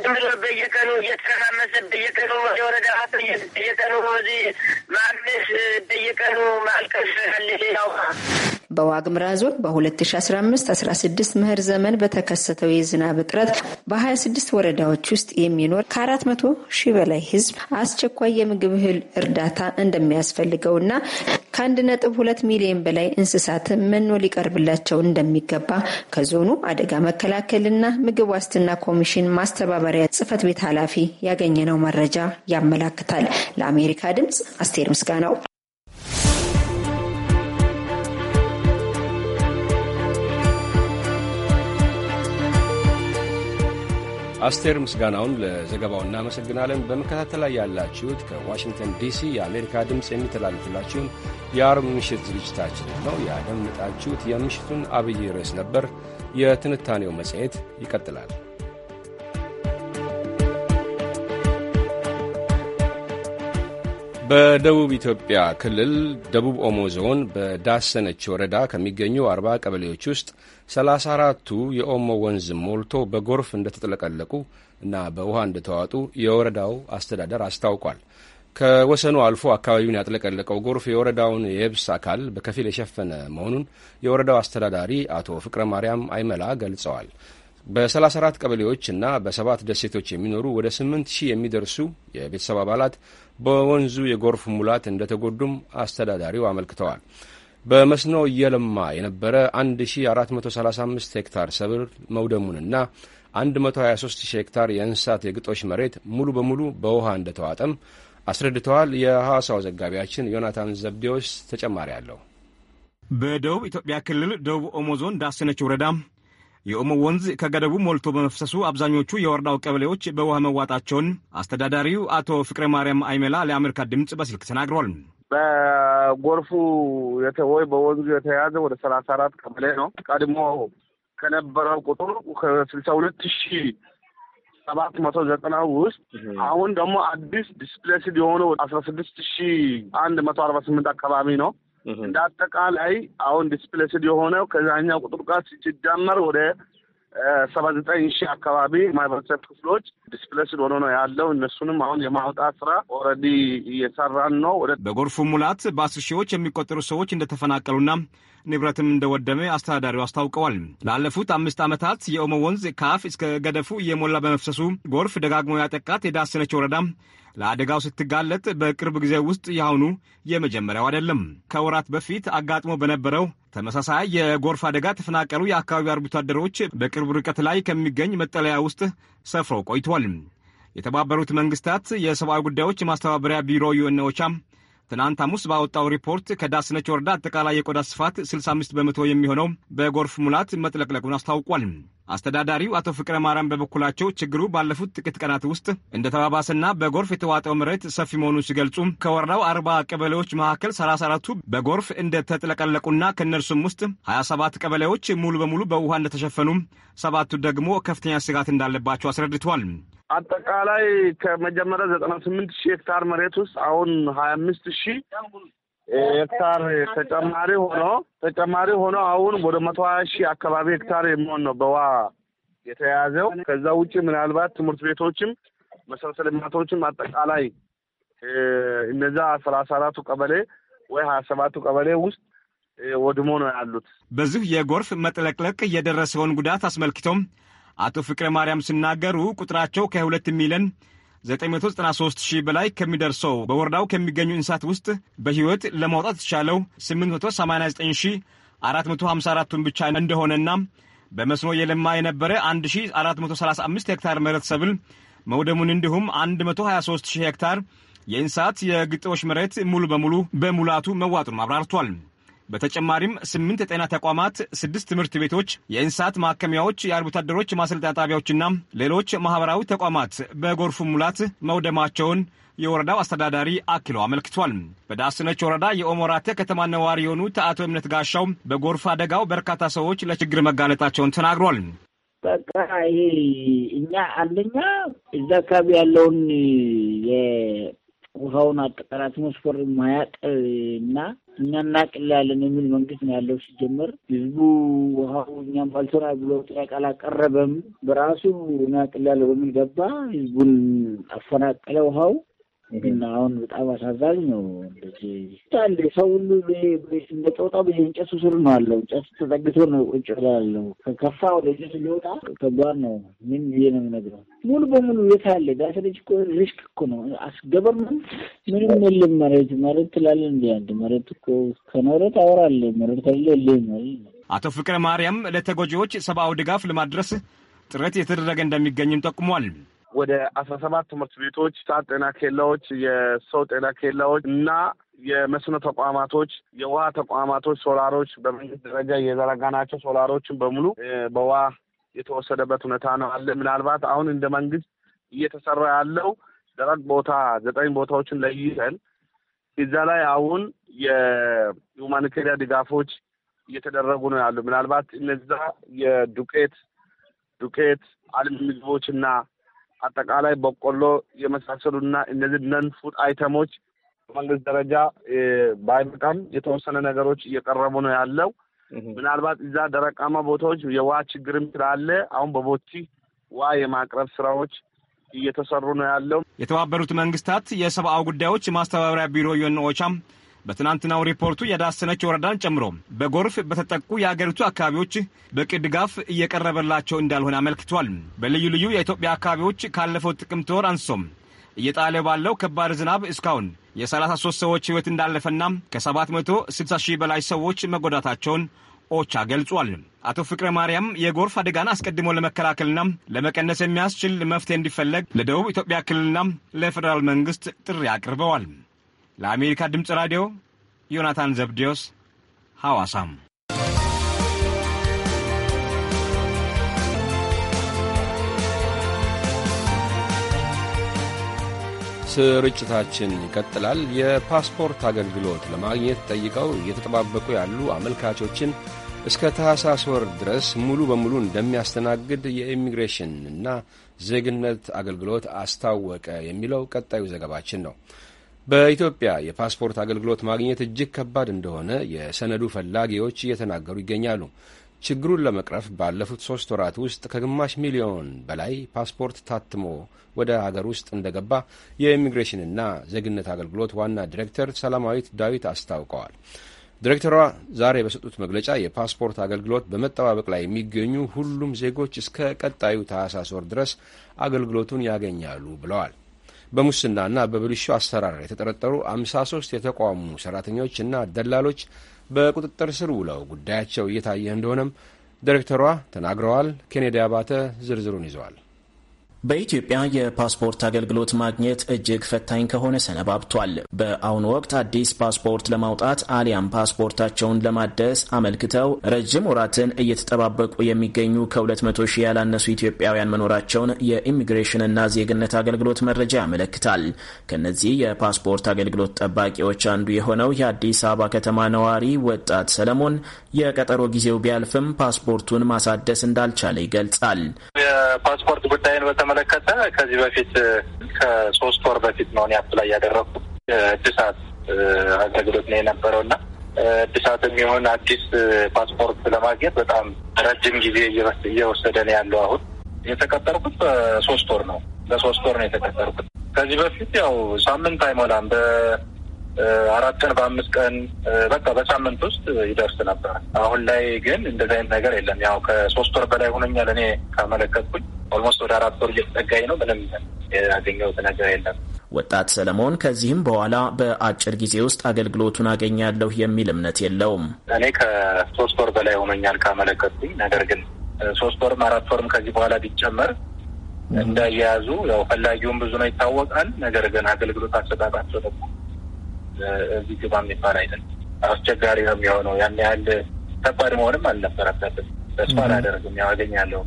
ዝም ብሎ በየቀኑ እየተረማመሰ በየቀኑ ወደ ወረዳ በየቀኑ ወዚህ ማመስ በየቀኑ ማልቀስ አለ። ሌላው በዋግምራ ዞን በ2015/16 ምህር ዘመን በተከሰተው የዝናብ እጥረት በ26 ወረዳዎች ውስጥ የሚኖር ከ400 ሺህ በላይ ህዝብ አስቸኳይ የምግብ እህል እርዳታ እንደሚያስፈልገው እንደሚያስፈልገውና ከ1.2 ሚሊዮን በላይ እንስሳት መኖ ሊቀርብላቸው እንደሚገባ ከዞኑ የደቡብ አደጋ መከላከልና ምግብ ዋስትና ኮሚሽን ማስተባበሪያ ጽህፈት ቤት ኃላፊ ያገኘነው መረጃ ያመላክታል። ለአሜሪካ ድምፅ አስቴር ምስጋናው። አስቴር ምስጋናውን ለዘገባው እናመሰግናለን። በመከታተል ላይ ያላችሁት ከዋሽንግተን ዲሲ የአሜሪካ ድምፅ የሚተላለፍላችሁን የአርብ ምሽት ዝግጅታችን ነው። ያደምጣችሁት የምሽቱን አብይ ርዕስ ነበር። የትንታኔው መጽሔት ይቀጥላል። በደቡብ ኢትዮጵያ ክልል ደቡብ ኦሞ ዞን በዳሰነች ወረዳ ከሚገኙ አርባ ቀበሌዎች ውስጥ ሰላሳ አራቱ የኦሞ ወንዝ ሞልቶ በጎርፍ እንደተጥለቀለቁ እና በውሃ እንደተዋጡ የወረዳው አስተዳደር አስታውቋል። ከወሰኑ አልፎ አካባቢውን ያጥለቀለቀው ጎርፍ የወረዳውን የብስ አካል በከፊል የሸፈነ መሆኑን የወረዳው አስተዳዳሪ አቶ ፍቅረ ማርያም አይመላ ገልጸዋል። በ34 ቀበሌዎች እና በሰባት ደሴቶች የሚኖሩ ወደ 8 ሺህ የሚደርሱ የቤተሰብ አባላት በወንዙ የጎርፍ ሙላት እንደተጎዱም አስተዳዳሪው አመልክተዋል። በመስኖ እየለማ የነበረ 1435 ሄክታር ሰብል መውደሙንና 123 ሺህ ሄክታር የእንስሳት የግጦሽ መሬት ሙሉ በሙሉ በውሃ እንደተዋጠም አስረድተዋል። የሐዋሳው ዘጋቢያችን ዮናታን ዘብዴዎስ ተጨማሪ አለው። በደቡብ ኢትዮጵያ ክልል ደቡብ ኦሞ ዞን ዳሰነች ወረዳ የኦሞ ወንዝ ከገደቡ ሞልቶ በመፍሰሱ አብዛኞቹ የወረዳው ቀበሌዎች በውሃ መዋጣቸውን አስተዳዳሪው አቶ ፍቅረ ማርያም አይመላ ለአሜሪካ ድምፅ በስልክ ተናግሯል። በጎርፉ ወይ በወንዙ የተያዘ ወደ ሰላሳ አራት ቀበሌ ነው። ቀድሞ ከነበረው ቁጥር ከስልሳ ሁለት ሺህ ሰባት መቶ ዘጠና ውስጥ አሁን ደግሞ አዲስ ዲስፕሌስድ የሆነው አስራ ስድስት ሺ አንድ መቶ አርባ ስምንት አካባቢ ነው። እንደ አጠቃላይ አሁን ዲስፕሌስድ የሆነው ከዛኛው ቁጥር ጋር ሲጀመር ወደ ሰባ ዘጠኝ ሺህ አካባቢ ማህበረሰብ ክፍሎች ዲስፕሌስድ ሆኖ ነው ያለው። እነሱንም አሁን የማውጣት ስራ ኦልሬዲ እየሰራን ነው። በጎርፉ ሙላት በአስር ሺዎች የሚቆጠሩ ሰዎች እንደተፈናቀሉና ንብረትም እንደወደመ አስተዳዳሪው አስታውቀዋል። ላለፉት አምስት ዓመታት የኦሞ ወንዝ ከአፍ እስከ ገደፉ እየሞላ በመፍሰሱ ጎርፍ ደጋግሞ ያጠቃት የዳሰነች ወረዳ ለአደጋው ስትጋለጥ በቅርብ ጊዜ ውስጥ ያሁኑ የመጀመሪያው አይደለም። ከወራት በፊት አጋጥሞ በነበረው ተመሳሳይ የጎርፍ አደጋ ተፈናቀሉ የአካባቢው አርብቶ አደሮች በቅርብ ርቀት ላይ ከሚገኝ መጠለያ ውስጥ ሰፍረው ቆይቷል። የተባበሩት መንግስታት የሰብአዊ ጉዳዮች ማስተባበሪያ ቢሮ ዩኤን ትናንት ሐሙስ ባወጣው ሪፖርት ከዳስነች ወረዳ አጠቃላይ የቆዳ ስፋት 65 በመቶ የሚሆነው በጎርፍ ሙላት መጥለቅለቁን አስታውቋል። አስተዳዳሪው አቶ ፍቅረ ማርያም በበኩላቸው ችግሩ ባለፉት ጥቂት ቀናት ውስጥ እንደተባባሰና በጎርፍ የተዋጠው መሬት ሰፊ መሆኑን ሲገልጹ ከወረዳው አርባ ቀበሌዎች መካከል 34ቱ በጎርፍ እንደተጥለቀለቁና ከእነርሱም ውስጥ 27 ቀበሌዎች ሙሉ በሙሉ በውሃ እንደተሸፈኑ፣ ሰባቱ ደግሞ ከፍተኛ ስጋት እንዳለባቸው አስረድተዋል። አጠቃላይ ከመጀመሪያ ዘጠና ስምንት ሺህ ሄክታር መሬት ውስጥ አሁን ሀያ አምስት ሺህ ሄክታር ተጨማሪ ሆኖ ተጨማሪ ሆኖ አሁን ወደ መቶ ሀያ ሺህ አካባቢ ሄክታር የሚሆን ነው በውሃ የተያዘው። ከዛ ውጭ ምናልባት ትምህርት ቤቶችም መሰረተ ልማቶችም አጠቃላይ እነዛ ሰላሳ አራቱ ቀበሌ ወይ ሀያ ሰባቱ ቀበሌ ውስጥ ወድሞ ነው ያሉት። በዚህ የጎርፍ መጥለቅለቅ የደረሰውን ጉዳት አስመልክቶም አቶ ፍቅረ ማርያም ሲናገሩ ቁጥራቸው ከ2 ሚሊዮን 993 ሺህ በላይ ከሚደርሰው በወረዳው ከሚገኙ እንስሳት ውስጥ በሕይወት ለማውጣት የተቻለው 889454ቱን ብቻ እንደሆነና በመስኖ የለማ የነበረ 1435 ሄክታር መሬት ሰብል መውደሙን እንዲሁም 123 ሺህ ሄክታር የእንስሳት የግጦሽ መሬት ሙሉ በሙሉ በሙላቱ መዋጡን አብራርቷል። በተጨማሪም ስምንት የጤና ተቋማት፣ ስድስት ትምህርት ቤቶች፣ የእንስሳት ማከሚያዎች፣ የአርብቶ አደሮች ማሰልጠኛ ጣቢያዎችና ሌሎች ማህበራዊ ተቋማት በጎርፉ ሙላት መውደማቸውን የወረዳው አስተዳዳሪ አክሎ አመልክቷል። በዳስነች ወረዳ የኦሞራቴ ከተማ ነዋሪ የሆኑት አቶ እምነት ጋሻው በጎርፍ አደጋው በርካታ ሰዎች ለችግር መጋለጣቸውን ተናግሯል። በቃ ይሄ እኛ አንደኛ እዛ አካባቢ ያለውን የውሃውን አጠቃላት መስፈር ማያቅ እና እኛ እናቅላለን የሚል መንግስት ነው ያለው። ሲጀመር ህዝቡ ውሃው እኛም ባልሰራ ብሎ ጥያቄ አላቀረበም። በራሱ እናቅላለን በሚል ገባ፣ ህዝቡን አፈናቀለ ውሃው ግን አሁን በጣም አሳዛኝ ነው። እንደዚህ ሰው ሁሉ እንደ ጦጣ እንጨቱ ስር ነው አለው። እንጨት ተጠግቶ ነው ቁጭ ያለው። ከከፋ ወደ ጭስ ሊወጣ ከባድ ነው። ምን ብዬ ነው የምነግረው? ሙሉ በሙሉ የት አለ ዳስ እኮ ሪስክ እኮ ነው። አስገበርንም ምንም የለም። መሬት መሬት ትላለህ እንዲ አንድ መሬት እኮ ከኖረ ታወራለህ። መሬት ከሌለ የለም። አቶ ፍቅረ ማርያም ለተጎጂዎች ሰብአዊ ድጋፍ ለማድረስ ጥረት የተደረገ እንደሚገኝም ጠቁሟል። ወደ አስራ ሰባት ትምህርት ቤቶች፣ ሳት ጤና ኬላዎች፣ የሰው ጤና ኬላዎች እና የመስኖ ተቋማቶች፣ የውሃ ተቋማቶች፣ ሶላሮች በመንግስት ደረጃ ናቸው። ሶላሮችን በሙሉ በውሃ የተወሰደበት ሁኔታ ነው አለ። ምናልባት አሁን እንደ መንግስት እየተሰራ ያለው ደረቅ ቦታ ዘጠኝ ቦታዎችን ለይተን እዛ ላይ አሁን የሁማኒቴሪያ ድጋፎች እየተደረጉ ነው ያሉ። ምናልባት እነዛ የዱቄት ዱቄት አልሚ ምግቦችና አጠቃላይ በቆሎ የመሳሰሉና እነዚህ ነን ፉድ አይተሞች በመንግስት ደረጃ ባይበቃም የተወሰነ ነገሮች እየቀረቡ ነው ያለው። ምናልባት እዛ ደረቃማ ቦታዎች የውሃ ችግርም ስላለ አሁን በቦቲ ውሃ የማቅረብ ስራዎች እየተሰሩ ነው ያለው። የተባበሩት መንግስታት የሰብአዊ ጉዳዮች ማስተባበሪያ ቢሮ ዩኤን ኦቻም በትናንትናው ሪፖርቱ የዳሰነች ወረዳን ጨምሮ በጎርፍ በተጠቁ የአገሪቱ አካባቢዎች በቂ ድጋፍ እየቀረበላቸው እንዳልሆነ አመልክቷል። በልዩ ልዩ የኢትዮጵያ አካባቢዎች ካለፈው ጥቅምት ወር አንሶም እየጣለ ባለው ከባድ ዝናብ እስካሁን የ33 ሰዎች ሕይወት እንዳለፈና ከ760 ሺህ በላይ ሰዎች መጎዳታቸውን ኦቻ ገልጿል። አቶ ፍቅረ ማርያም የጎርፍ አደጋን አስቀድሞ ለመከላከልና ለመቀነስ የሚያስችል መፍትሄ እንዲፈለግ ለደቡብ ኢትዮጵያ ክልልና ለፌዴራል መንግስት ጥሪ አቅርበዋል። ለአሜሪካ ድምፅ ራዲዮ ዮናታን ዘብዴዎስ ሐዋሳም። ስርጭታችን ይቀጥላል። የፓስፖርት አገልግሎት ለማግኘት ጠይቀው እየተጠባበቁ ያሉ አመልካቾችን እስከ ታህሳስ ወር ድረስ ሙሉ በሙሉ እንደሚያስተናግድ የኢሚግሬሽን እና ዜግነት አገልግሎት አስታወቀ የሚለው ቀጣዩ ዘገባችን ነው። በኢትዮጵያ የፓስፖርት አገልግሎት ማግኘት እጅግ ከባድ እንደሆነ የሰነዱ ፈላጊዎች እየተናገሩ ይገኛሉ። ችግሩን ለመቅረፍ ባለፉት ሶስት ወራት ውስጥ ከግማሽ ሚሊዮን በላይ ፓስፖርት ታትሞ ወደ አገር ውስጥ እንደገባ የኢሚግሬሽንና ዜግነት አገልግሎት ዋና ዲሬክተር ሰላማዊት ዳዊት አስታውቀዋል። ዲሬክተሯ ዛሬ በሰጡት መግለጫ የፓስፖርት አገልግሎት በመጠባበቅ ላይ የሚገኙ ሁሉም ዜጎች እስከ ቀጣዩ ታህሳስ ወር ድረስ አገልግሎቱን ያገኛሉ ብለዋል። በሙስናና በብልሹ አሰራር የተጠረጠሩ 53 የተቋሙ ሰራተኞችና ደላሎች በቁጥጥር ስር ውለው ጉዳያቸው እየታየ እንደሆነም ዲሬክተሯ ተናግረዋል። ኬኔዲ አባተ ዝርዝሩን ይዘዋል። በኢትዮጵያ የፓስፖርት አገልግሎት ማግኘት እጅግ ፈታኝ ከሆነ ሰነባብቷል። በአሁኑ ወቅት አዲስ ፓስፖርት ለማውጣት አሊያም ፓስፖርታቸውን ለማደስ አመልክተው ረጅም ወራትን እየተጠባበቁ የሚገኙ ከ200 ሺህ ያላነሱ ኢትዮጵያውያን መኖራቸውን የኢሚግሬሽንና ዜግነት አገልግሎት መረጃ ያመለክታል። ከነዚህ የፓስፖርት አገልግሎት ጠባቂዎች አንዱ የሆነው የአዲስ አበባ ከተማ ነዋሪ ወጣት ሰለሞን የቀጠሮ ጊዜው ቢያልፍም ፓስፖርቱን ማሳደስ እንዳልቻለ ይገልጻል። የፓስፖርት ጉዳይን በተመለከተ ከዚህ በፊት ከሶስት ወር በፊት ነው ያፕ ላይ ያደረኩት እድሳት አገልግሎት ነው የነበረውና እድሳት የሚሆን አዲስ ፓስፖርት ለማግኘት በጣም ረጅም ጊዜ እየወሰደ ነው ያለው። አሁን የተቀጠርኩት በሶስት ወር ነው፣ በሶስት ወር ነው የተቀጠርኩት። ከዚህ በፊት ያው ሳምንት አይሞላም በ አራት ቀን በአምስት ቀን በቃ በሳምንት ውስጥ ይደርስ ነበር። አሁን ላይ ግን እንደዚህ አይነት ነገር የለም። ያው ከሶስት ወር በላይ ሆኖኛል እኔ ካመለከትኩኝ። ኦልሞስት ወደ አራት ወር እየተጠጋኝ ነው። ምንም ያገኘሁት ነገር የለም። ወጣት ሰለሞን ከዚህም በኋላ በአጭር ጊዜ ውስጥ አገልግሎቱን አገኛለሁ የሚል እምነት የለውም። እኔ ከሶስት ወር በላይ ሆኖኛል ካመለከትኩኝ። ነገር ግን ሶስት ወርም አራት ወርም ከዚህ በኋላ ቢጨመር እንዳያያዙ ያው ፈላጊውን ብዙ ነው ይታወቃል። ነገር ግን አገልግሎት አሰጣጣቸው ደግሞ እዚህ ግባ የሚባል አይደለም። አስቸጋሪ ነው የሚሆነው። ያን ያህል ከባድ መሆንም አልነበረበትም። ተስፋ አላደርግም። ያገኛለሁ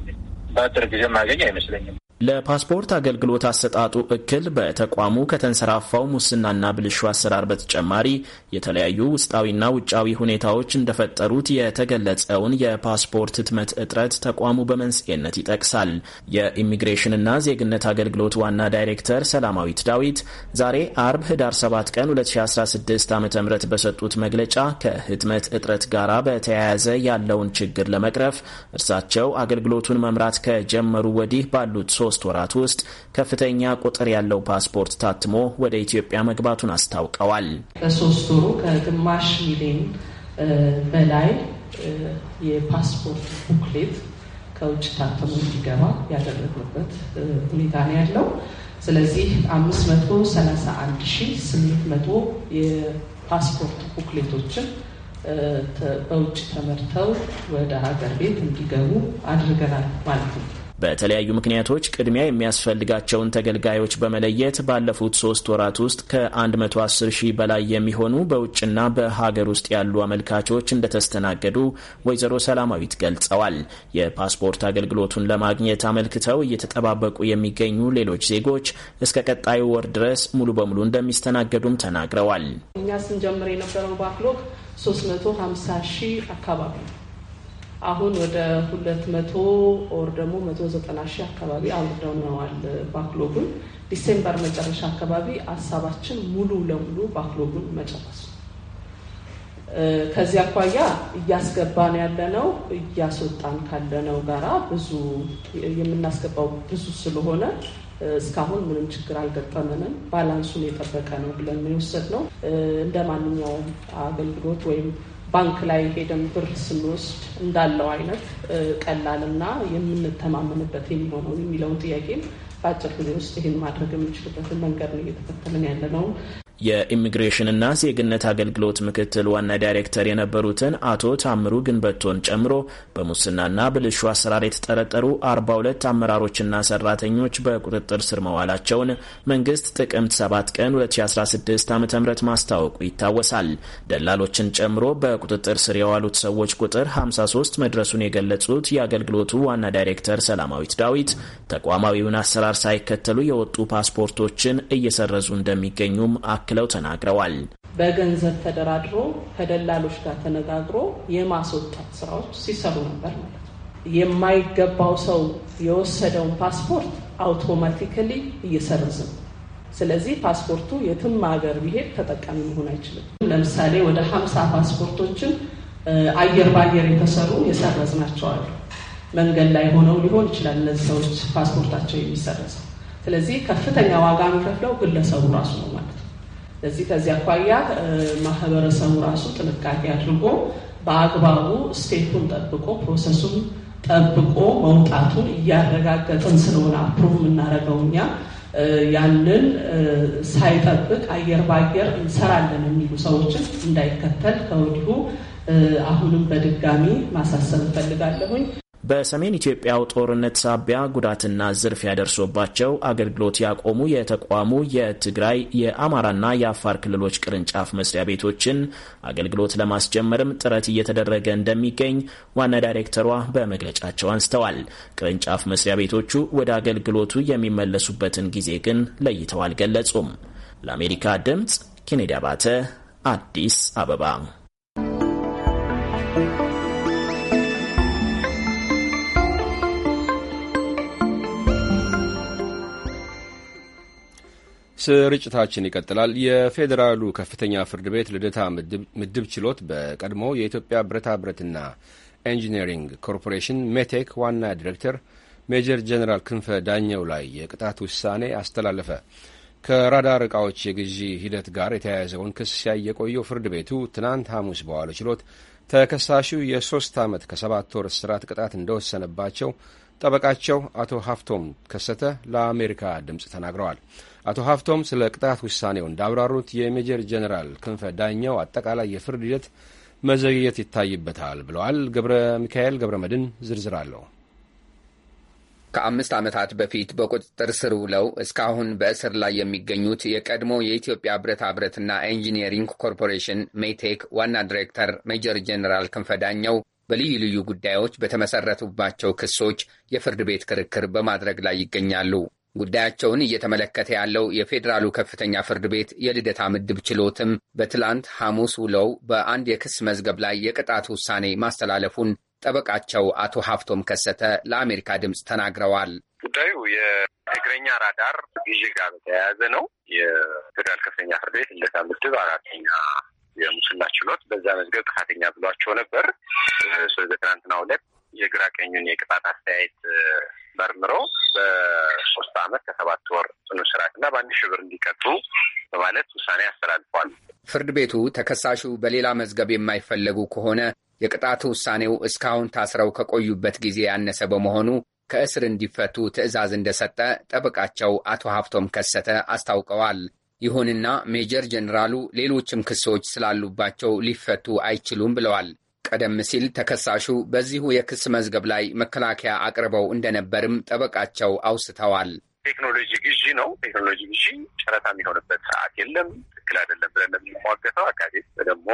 በአጭር ጊዜ ማገኝ አይመስለኝም። ለፓስፖርት አገልግሎት አሰጣጡ እክል በተቋሙ ከተንሰራፋው ሙስናና ብልሹ አሰራር በተጨማሪ የተለያዩ ውስጣዊና ውጫዊ ሁኔታዎች እንደፈጠሩት የተገለጸውን የፓስፖርት ህትመት እጥረት ተቋሙ በመንስኤነት ይጠቅሳል። የኢሚግሬሽንና ዜግነት አገልግሎት ዋና ዳይሬክተር ሰላማዊት ዳዊት ዛሬ አርብ ህዳር 7 ቀን 2016 ዓ ም በሰጡት መግለጫ ከህትመት እጥረት ጋር በተያያዘ ያለውን ችግር ለመቅረፍ እርሳቸው አገልግሎቱን መምራት ከጀመሩ ወዲህ ባሉት ሶስት ወራት ውስጥ ከፍተኛ ቁጥር ያለው ፓስፖርት ታትሞ ወደ ኢትዮጵያ መግባቱን አስታውቀዋል። በሶስት ወሩ ከግማሽ ሚሊዮን በላይ የፓስፖርት ቡክሌት ከውጭ ታትሞ እንዲገባ ያደረግንበት ሁኔታ ነው ያለው። ስለዚህ 531800 የፓስፖርት ቡክሌቶችን በውጭ ተመርተው ወደ ሀገር ቤት እንዲገቡ አድርገናል ማለት ነው። በተለያዩ ምክንያቶች ቅድሚያ የሚያስፈልጋቸውን ተገልጋዮች በመለየት ባለፉት ሶስት ወራት ውስጥ ከ110 ሺህ በላይ የሚሆኑ በውጭና በሀገር ውስጥ ያሉ አመልካቾች እንደተስተናገዱ ወይዘሮ ሰላማዊት ገልጸዋል። የፓስፖርት አገልግሎቱን ለማግኘት አመልክተው እየተጠባበቁ የሚገኙ ሌሎች ዜጎች እስከ ቀጣዩ ወር ድረስ ሙሉ በሙሉ እንደሚስተናገዱም ተናግረዋል። እኛ ስንጀምር የነበረው ባክሎግ 350 ሺህ አካባቢ ነው አሁን ወደ ሁለት መቶ ኦር ደግሞ መቶ ዘጠና ሺህ አካባቢ አውርደው ነዋል ባክሎጉን። ዲሴምበር መጨረሻ አካባቢ ሀሳባችን ሙሉ ለሙሉ ባክሎጉን መጨረስ ነው። ከዚህ አኳያ እያስገባን ያለነው እያስወጣን ካለነው ጋራ ብዙ የምናስገባው ብዙ ስለሆነ እስካሁን ምንም ችግር አልገጠመንም። ባላንሱን የጠበቀ ነው ብለን የወሰድነው እንደ ማንኛውም አገልግሎት ወይም ባንክ ላይ ሄደን ብር ስንወስድ እንዳለው አይነት ቀላልና የምንተማመንበት የሚሆነው የሚለውን ጥያቄም በአጭር ጊዜ ውስጥ ይህን ማድረግ የምንችልበትን መንገድ ነው እየተከተልን ያለ ነው። የኢሚግሬሽንና ዜግነት አገልግሎት ምክትል ዋና ዳይሬክተር የነበሩትን አቶ ታምሩ ግንበቶን ጨምሮ በሙስናና ብልሹ አሰራር የተጠረጠሩ 42 አመራሮችና ሰራተኞች በቁጥጥር ስር መዋላቸውን መንግስት ጥቅምት 7 ቀን 2016 ዓ ም ማስታወቁ ይታወሳል። ደላሎችን ጨምሮ በቁጥጥር ስር የዋሉት ሰዎች ቁጥር 53 መድረሱን የገለጹት የአገልግሎቱ ዋና ዳይሬክተር ሰላማዊት ዳዊት ተቋማዊውን አሰራር ሳይከተሉ የወጡ ፓስፖርቶችን እየሰረዙ እንደሚገኙም አክለው ተናግረዋል። በገንዘብ ተደራድሮ ከደላሎች ጋር ተነጋግሮ የማስወጣት ስራዎች ሲሰሩ ነበር ማለት ነው። የማይገባው ሰው የወሰደውን ፓስፖርት አውቶማቲካሊ እየሰረዝ ነው። ስለዚህ ፓስፖርቱ የትም ሀገር ቢሄድ ተጠቃሚ መሆን አይችልም። ለምሳሌ ወደ ሀምሳ ፓስፖርቶችን አየር በአየር የተሰሩ የሰረዝ ናቸዋል። መንገድ ላይ ሆነው ሊሆን ይችላል እነዚህ ሰዎች ፓስፖርታቸው የሚሰረዘው። ስለዚህ ከፍተኛ ዋጋ የሚከፍለው ግለሰቡ ራሱ ነው ማለት ነው። ስለዚህ ከዚህ አኳያ ማህበረሰቡ ራሱ ጥንቃቄ አድርጎ በአግባቡ ስቴፑን ጠብቆ ፕሮሰሱን ጠብቆ መውጣቱን እያረጋገጥን ስለሆነ አፕሩቭ የምናደርገው እኛ ያንን ሳይጠብቅ አየር በአየር እንሰራለን የሚሉ ሰዎችን እንዳይከተል ከወዲሁ አሁንም በድጋሚ ማሳሰብ እፈልጋለሁኝ። በሰሜን ኢትዮጵያው ጦርነት ሳቢያ ጉዳትና ዝርፊያ ደርሶባቸው አገልግሎት ያቆሙ የተቋሙ የትግራይ የአማራና የአፋር ክልሎች ቅርንጫፍ መስሪያ ቤቶችን አገልግሎት ለማስጀመርም ጥረት እየተደረገ እንደሚገኝ ዋና ዳይሬክተሯ በመግለጫቸው አንስተዋል። ቅርንጫፍ መስሪያ ቤቶቹ ወደ አገልግሎቱ የሚመለሱበትን ጊዜ ግን ለይተው አልገለጹም። ለአሜሪካ ድምፅ ኬኔዲ አባተ አዲስ አበባ ስርጭታችን ይቀጥላል። የፌዴራሉ ከፍተኛ ፍርድ ቤት ልደታ ምድብ ችሎት በቀድሞ የኢትዮጵያ ብረታ ብረትና ኢንጂነሪንግ ኮርፖሬሽን ሜቴክ ዋና ዲሬክተር ሜጀር ጀኔራል ክንፈ ዳኘው ላይ የቅጣት ውሳኔ አስተላለፈ። ከራዳር ዕቃዎች የግዢ ሂደት ጋር የተያያዘውን ክስ ሲያይ የቆየው ፍርድ ቤቱ ትናንት ሐሙስ በዋለው ችሎት ተከሳሹ የሶስት ዓመት ከሰባት ወር እስራት ቅጣት እንደወሰነባቸው ጠበቃቸው አቶ ሀፍቶም ከሰተ ለአሜሪካ ድምፅ ተናግረዋል። አቶ ሀፍቶም ስለ ቅጣት ውሳኔው እንዳብራሩት የሜጀር ጀኔራል ክንፈ ዳኛው አጠቃላይ የፍርድ ሂደት መዘግየት ይታይበታል ብለዋል። ገብረ ሚካኤል ገብረ መድን ዝርዝር አለው። ከአምስት ዓመታት በፊት በቁጥጥር ስር ውለው እስካሁን በእስር ላይ የሚገኙት የቀድሞ የኢትዮጵያ ብረታ ብረትና ኢንጂነሪንግ ኮርፖሬሽን ሜቴክ ዋና ዲሬክተር ሜጀር ጀኔራል ክንፈ ዳኘው በልዩ ልዩ ጉዳዮች በተመሰረቱባቸው ክሶች የፍርድ ቤት ክርክር በማድረግ ላይ ይገኛሉ። ጉዳያቸውን እየተመለከተ ያለው የፌዴራሉ ከፍተኛ ፍርድ ቤት የልደታ ምድብ ችሎትም በትላንት ሐሙስ ውለው በአንድ የክስ መዝገብ ላይ የቅጣት ውሳኔ ማስተላለፉን ጠበቃቸው አቶ ሀፍቶም ከሰተ ለአሜሪካ ድምፅ ተናግረዋል። ጉዳዩ የእግረኛ ራዳር ይዤ ጋር በተያያዘ ነው። የፌዴራል ከፍተኛ ፍርድ ቤት ልደታ ምድብ አራተኛ የሙስና ችሎት በዛ መዝገብ ጥፋተኛ ብሏቸው ነበር። ስለዚ ትናንትና ሁለት የግራ ቀኙን የቅጣት አስተያየት መርምሮ በሶስት አመት ከሰባት ወር ጽኑ እስራት እና በአንድ ሺህ ብር እንዲቀጡ በማለት ውሳኔ አስተላልፏል። ፍርድ ቤቱ ተከሳሹ በሌላ መዝገብ የማይፈለጉ ከሆነ የቅጣት ውሳኔው እስካሁን ታስረው ከቆዩበት ጊዜ ያነሰ በመሆኑ ከእስር እንዲፈቱ ትዕዛዝ እንደሰጠ ጠበቃቸው አቶ ሀብቶም ከሰተ አስታውቀዋል። ይሁንና ሜጀር ጀኔራሉ ሌሎችም ክሶች ስላሉባቸው ሊፈቱ አይችሉም ብለዋል። ቀደም ሲል ተከሳሹ በዚሁ የክስ መዝገብ ላይ መከላከያ አቅርበው እንደነበርም ጠበቃቸው አውስተዋል። ቴክኖሎጂ ግዢ ነው። ቴክኖሎጂ ግዢ ጨረታ የሚሆንበት ሰዓት የለም። ትክክል አይደለም ብለን የሚሟገተው አካባቢ ደግሞ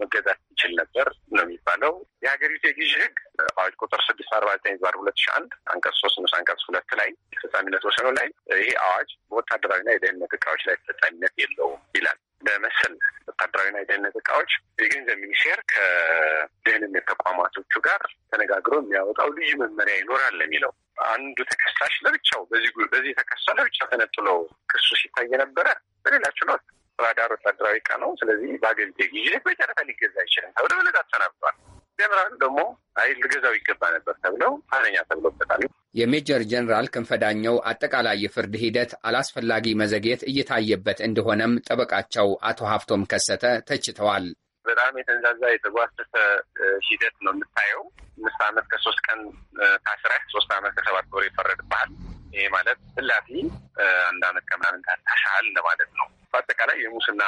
መገዛት ይችል ነበር ነው የሚባለው። የሀገሪቱ የግዥ ህግ አዋጅ ቁጥር ስድስት አርባ ዘጠኝ ሁለት ሺ አንድ አንቀጽ ሶስት ንዑስ አንቀጽ ሁለት ላይ ተፈጻሚነት ወሰኑ ላይ ይሄ አዋጅ በወታደራዊና የደህንነት እቃዎች ላይ ተፈጻሚነት የለውም ይላል። በመሰል ወታደራዊና የደህንነት እቃዎች የገንዘብ ሚኒስቴር ከደህንነት ተቋማቶቹ ጋር ተነጋግሮ የሚያወጣው ልዩ መመሪያ ይኖራል የሚለው አንዱ ተከሳሽ ለብቻው በዚህ በዚህ ተከሳሽ ለብቻ ተነጥሎ ክሱ ሲታይ ነበረ። በሌላቸው ነው ራዳር ወታደራዊ እቃ ነው። ስለዚህ በአገልቴ ጊዜ በጨረታ ሊገዛ አይችልም ተብሎ እለት አሰናብቷል። ጀነራል ደግሞ አይ ልገዛው ይገባ ነበር ተብለው አነኛ ተብሎበታል። የሜጀር ጀነራል ክንፈዳኘው አጠቃላይ የፍርድ ሂደት አላስፈላጊ መዘግየት እየታየበት እንደሆነም ጠበቃቸው አቶ ሀብቶም ከሰተ ተችተዋል። በጣም የተንዛዛ የተጓተተ ሂደት ነው የምታየው። አምስት ዓመት ከሶስት ቀን ታስረህ ሶስት አመት ከሰባት ወር ይፈረድብሃል። ይሄ ማለት ስላፊ አንድ አመት ከምናምን ታሻል ለማለት ነው። በአጠቃላይ የሙስና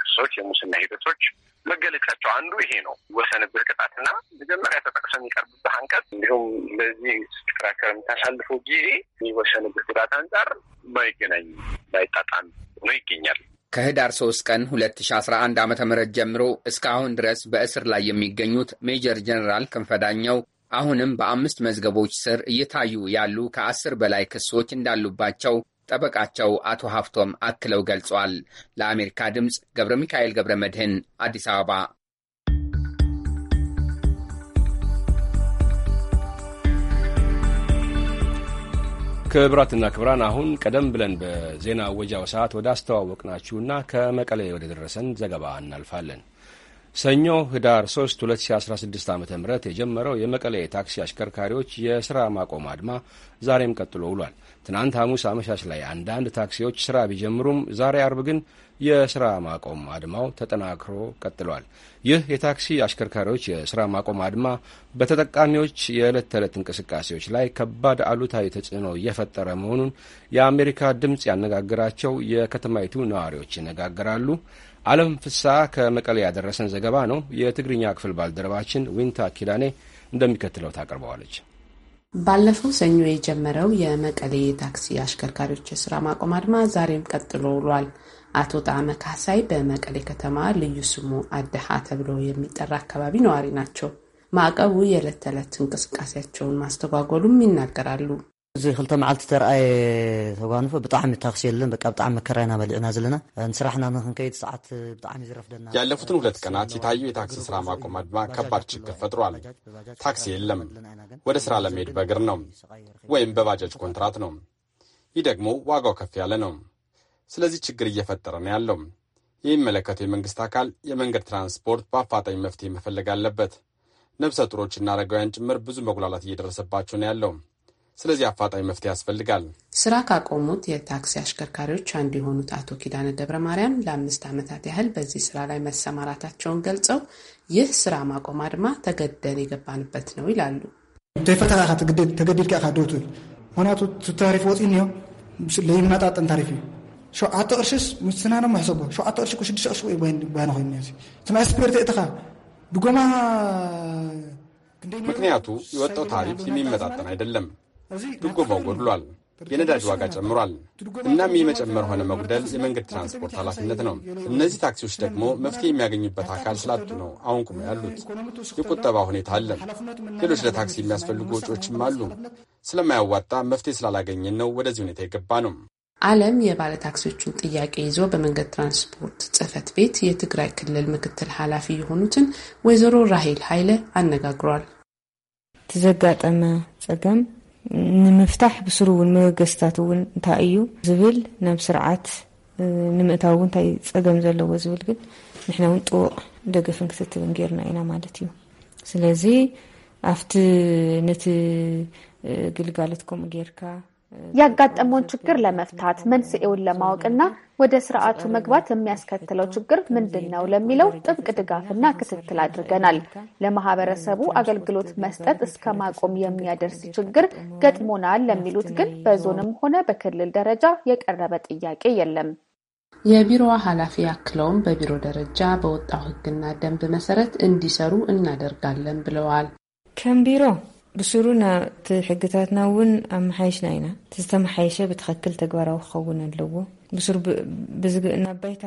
ክሶች የሙስና ሂደቶች መገለጫቸው አንዱ ይሄ ነው። ወሰንብህ ቅጣትና መጀመሪያ ተጠቅሶ የሚቀርብብህ አንቀጽ እንዲሁም ለዚህ ስትከራከር የምታሳልፈው ጊዜ የሚወሰንብህ ቅጣት አንጻር ማይገናኝ ማይጣጣም ሆኖ ይገኛል። ከህዳር 3 ቀን 2011 ዓ ም ጀምሮ እስካሁን ድረስ በእስር ላይ የሚገኙት ሜጀር ጀኔራል ክንፈዳኛው አሁንም በአምስት መዝገቦች ስር እየታዩ ያሉ ከአስር በላይ ክሶች እንዳሉባቸው ጠበቃቸው አቶ ሀፍቶም አክለው ገልጿል። ለአሜሪካ ድምፅ ገብረ ሚካኤል ገብረ መድህን አዲስ አበባ። ክብራትና ክብራን አሁን ቀደም ብለን በዜና ወጃው ሰዓት ወደ ናችሁና ከመቀሌ ወደ ደረሰን ዘገባ እናልፋለን። ሰኞ ህዳር 3 2016 ዓ ም የጀመረው የመቀሌ የታክሲ አሽከርካሪዎች የሥራ ማቆም አድማ ዛሬም ቀጥሎ ውሏል። ትናንት ሐሙስ አመሻሽ ላይ አንዳንድ ታክሲዎች ሥራ ቢጀምሩም ዛሬ አርብ ግን የሥራ ማቆም አድማው ተጠናክሮ ቀጥሏል። ይህ የታክሲ አሽከርካሪዎች የሥራ ማቆም አድማ በተጠቃሚዎች የዕለት ተዕለት እንቅስቃሴዎች ላይ ከባድ አሉታዊ ተጽዕኖ እየፈጠረ መሆኑን የአሜሪካ ድምፅ ያነጋገራቸው የከተማይቱ ነዋሪዎች ይነጋገራሉ። አለም ፍስሐ ከመቀሌ ያደረሰን ዘገባ ነው። የትግርኛ ክፍል ባልደረባችን ዊንታ ኪዳኔ እንደሚከትለው ታቀርበዋለች። ባለፈው ሰኞ የጀመረው የመቀሌ የታክሲ አሽከርካሪዎች የስራ ማቆም አድማ ዛሬም ቀጥሎ ውሏል። አቶ ጣዕመ ካሳይ በመቀሌ ከተማ ልዩ ስሙ አደሃ ተብሎ የሚጠራ አካባቢ ነዋሪ ናቸው። ማዕቀቡ የዕለት ተዕለት እንቅስቃሴያቸውን ማስተጓጎሉም ይናገራሉ። እዚ ክልተ መዓልቲ ተረኣየ ተጓንፎ ብጣዕሚ ታክሲ የለን በቃ ብጣዕሚ መከራይና በሊዕና ዘለና ንስራሕና ንክንከይድ ሰዓት ብጣዕሚ ዝረፍደና ያለፉትን ሁለት ቀናት የታዩ የታክሲ ስራ ማቆም ድማ ከባድ ችግር ፈጥሯል። ታክሲ የለም። ወደ ስራ ለመሄድ በእግር ነው ወይም በባጃጅ ኮንትራት ነው። ይህ ደግሞ ዋጋው ከፍ ያለ ነው። ስለዚህ ችግር እየፈጠረ ነው ያለው። የሚመለከተው የመንግስት አካል የመንገድ ትራንስፖርት በአፋጣኝ መፍትሄ መፈለግ አለበት። ነብሰ ጡሮችና አረጋውያን ጭምር ብዙ መጉላላት እየደረሰባቸው ነው ያለው። ስለዚህ አፋጣኝ መፍትሄ ያስፈልጋል። ስራ ካቆሙት የታክሲ አሽከርካሪዎች አንዱ የሆኑት አቶ ኪዳነ ደብረ ማርያም ለአምስት ዓመታት ያህል በዚህ ስራ ላይ መሰማራታቸውን ገልጸው ይህ ስራ ማቆም አድማ ተገደን የገባንበት ነው ይላሉ። ተገዲድካ ካደቱ ምክንያቱ ታሪፍ ወፂን ዮ ለይምናጣጠን ታሪፍ እዩ ሸዓተ ቅርሽስ ምስና ነው መሕሰቦ ሸዓተ ቅርሺ ሽዱሽተ ቅርሺ ወይ ባነ ኮይኑ እቲ ናይ ስፔርት እትኻ ብጎማ ምክንያቱ የወጣው ታሪፍ የሚመጣጠን አይደለም። ጥቆማው ጎድሏል። የነዳጅ ዋጋ ጨምሯል። እናም የመጨመር ሆነ መጉደል የመንገድ ትራንስፖርት ኃላፊነት ነው። እነዚህ ታክሲዎች ደግሞ መፍትሄ የሚያገኙበት አካል ስላጡ ነው አሁን ቁመው ያሉት። የቁጠባ ሁኔታ አለ። ሌሎች ለታክሲ የሚያስፈልጉ ወጪዎችም አሉ። ስለማያዋጣ መፍትሄ ስላላገኘን ነው ወደዚህ ሁኔታ የገባ ነው። አለም የባለ ታክሲዎቹን ጥያቄ ይዞ በመንገድ ትራንስፖርት ጽህፈት ቤት የትግራይ ክልል ምክትል ኃላፊ የሆኑትን ወይዘሮ ራሄል ኃይለ አነጋግሯል። ተዘጋጠመ ጸገም ንምፍታሕ ብስሩ እውን መበገስታት እውን እንታይ እዩ ዝብል ናብ ስርዓት ንምእታዊ እው እንታይ ፀገም ዘለዎ ዝብል ግን ንሕና እውን ጥቡቕ ደገፍን ክትትብን ጌርና ኢና ማለት እዩ ስለዚ ኣብቲ ነቲ ግልጋሎት ከምኡ ጌርካ ያጋጠመውን ችግር ለመፍታት መንስኤውን ለማወቅና ወደ ስርዓቱ መግባት የሚያስከትለው ችግር ምንድን ነው ለሚለው ጥብቅ ድጋፍና ክትትል አድርገናል። ለማህበረሰቡ አገልግሎት መስጠት እስከ ማቆም የሚያደርስ ችግር ገጥሞናል ለሚሉት ግን በዞንም ሆነ በክልል ደረጃ የቀረበ ጥያቄ የለም። የቢሮዋ ኃላፊ አክለውም በቢሮ ደረጃ በወጣው ሕግና ደንብ መሰረት እንዲሰሩ እናደርጋለን ብለዋል። ቢሮ ብስሩና እቲ ሕግታትና እውን ኣብ መሓይሽና ኢና እቲ ዝተመሓየሸ ብትኽክል ተግባራዊ ክኸውን ኣለዎ ብሱር ብዝግእና ባይታ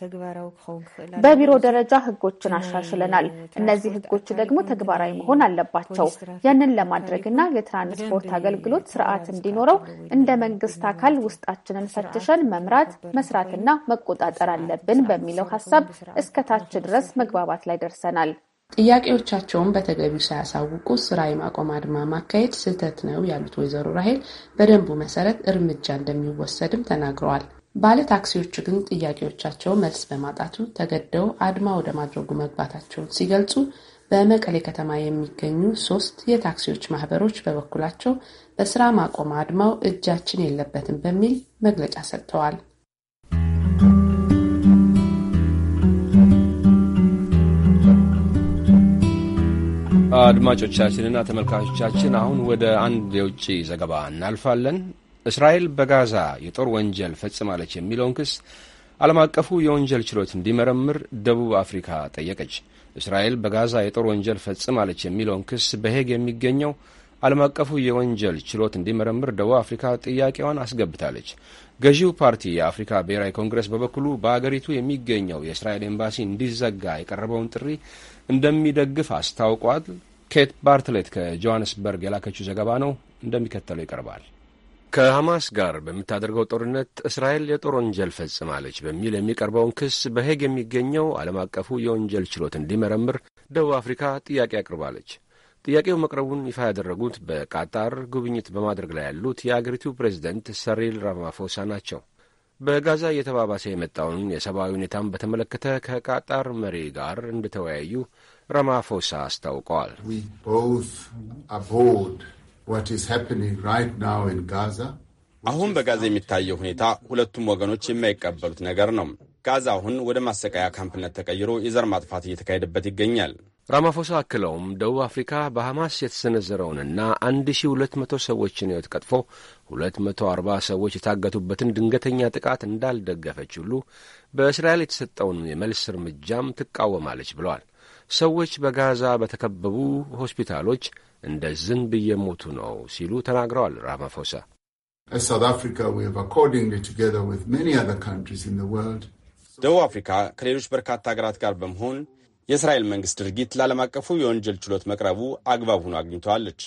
ተግባራዊ ክኸውን ክኽእል በቢሮ ደረጃ ህጎችን አሻሽለናል። እነዚህ ህጎች ደግሞ ተግባራዊ መሆን አለባቸው። ያንን ለማድረግና የትራንስፖርት አገልግሎት ስርዓት እንዲኖረው እንደ መንግስት አካል ውስጣችንን ፈትሸን መምራት፣ መስራትና መቆጣጠር አለብን በሚለው ሀሳብ እስከታች ድረስ መግባባት ላይ ደርሰናል። ጥያቄዎቻቸውን በተገቢው ሳያሳውቁ ስራ የማቆም አድማ ማካሄድ ስህተት ነው ያሉት ወይዘሮ ራሄል በደንቡ መሰረት እርምጃ እንደሚወሰድም ተናግረዋል። ታክሲዎቹ ግን ጥያቄዎቻቸው መልስ በማጣቱ ተገደው አድማ ወደ ማድረጉ መግባታቸውን ሲገልጹ በመቀሌ ከተማ የሚገኙ ሶስት የታክሲዎች ማህበሮች በበኩላቸው በስራ ማቆም አድማው እጃችን የለበትም በሚል መግለጫ ሰጥተዋል። አድማጮቻችንና ተመልካቾቻችን አሁን ወደ አንድ የውጭ ዘገባ እናልፋለን። እስራኤል በጋዛ የጦር ወንጀል ፈጽማለች የሚለውን ክስ ዓለም አቀፉ የወንጀል ችሎት እንዲመረምር ደቡብ አፍሪካ ጠየቀች። እስራኤል በጋዛ የጦር ወንጀል ፈጽማለች የሚለውን ክስ በሄግ የሚገኘው ዓለም አቀፉ የወንጀል ችሎት እንዲመረምር ደቡብ አፍሪካ ጥያቄዋን አስገብታለች። ገዢው ፓርቲ የአፍሪካ ብሔራዊ ኮንግረስ በበኩሉ በአገሪቱ የሚገኘው የእስራኤል ኤምባሲ እንዲዘጋ የቀረበውን ጥሪ እንደሚደግፍ አስታውቋል። ኬት ባርትሌት ከጆሃንስበርግ የላከችው ዘገባ ነው፣ እንደሚከተለው ይቀርባል። ከሐማስ ጋር በምታደርገው ጦርነት እስራኤል የጦር ወንጀል ፈጽማለች በሚል የሚቀርበውን ክስ በሄግ የሚገኘው ዓለም አቀፉ የወንጀል ችሎት እንዲመረምር ደቡብ አፍሪካ ጥያቄ አቅርባለች። ጥያቄው መቅረቡን ይፋ ያደረጉት በቃጣር ጉብኝት በማድረግ ላይ ያሉት የአገሪቱ ፕሬዚደንት ሰሪል ራማፎሳ ናቸው። በጋዛ እየተባባሰ የመጣውን የሰብአዊ ሁኔታን በተመለከተ ከቃጣር መሪ ጋር እንደተወያዩ ራማፎሳ አስታውቀዋል። አሁን በጋዛ የሚታየው ሁኔታ ሁለቱም ወገኖች የማይቀበሉት ነገር ነው። ጋዛ አሁን ወደ ማሰቃያ ካምፕነት ተቀይሮ የዘር ማጥፋት እየተካሄደበት ይገኛል። ራማፎሳ አክለውም ደቡብ አፍሪካ በሐማስ የተሰነዘረውንና 1200 ሰዎችን ሕይወት ቀጥፎ 240 ሰዎች የታገቱበትን ድንገተኛ ጥቃት እንዳልደገፈች ሁሉ በእስራኤል የተሰጠውን የመልስ እርምጃም ትቃወማለች ብለዋል። ሰዎች በጋዛ በተከበቡ ሆስፒታሎች እንደ ዝንብ እየሞቱ ነው ሲሉ ተናግረዋል ራማፎሳ። ደቡብ አፍሪካ ከሌሎች በርካታ ሀገራት ጋር በመሆን የእስራኤል መንግሥት ድርጊት ለዓለም አቀፉ የወንጀል ችሎት መቅረቡ አግባብ ሆኖ አግኝተዋለች።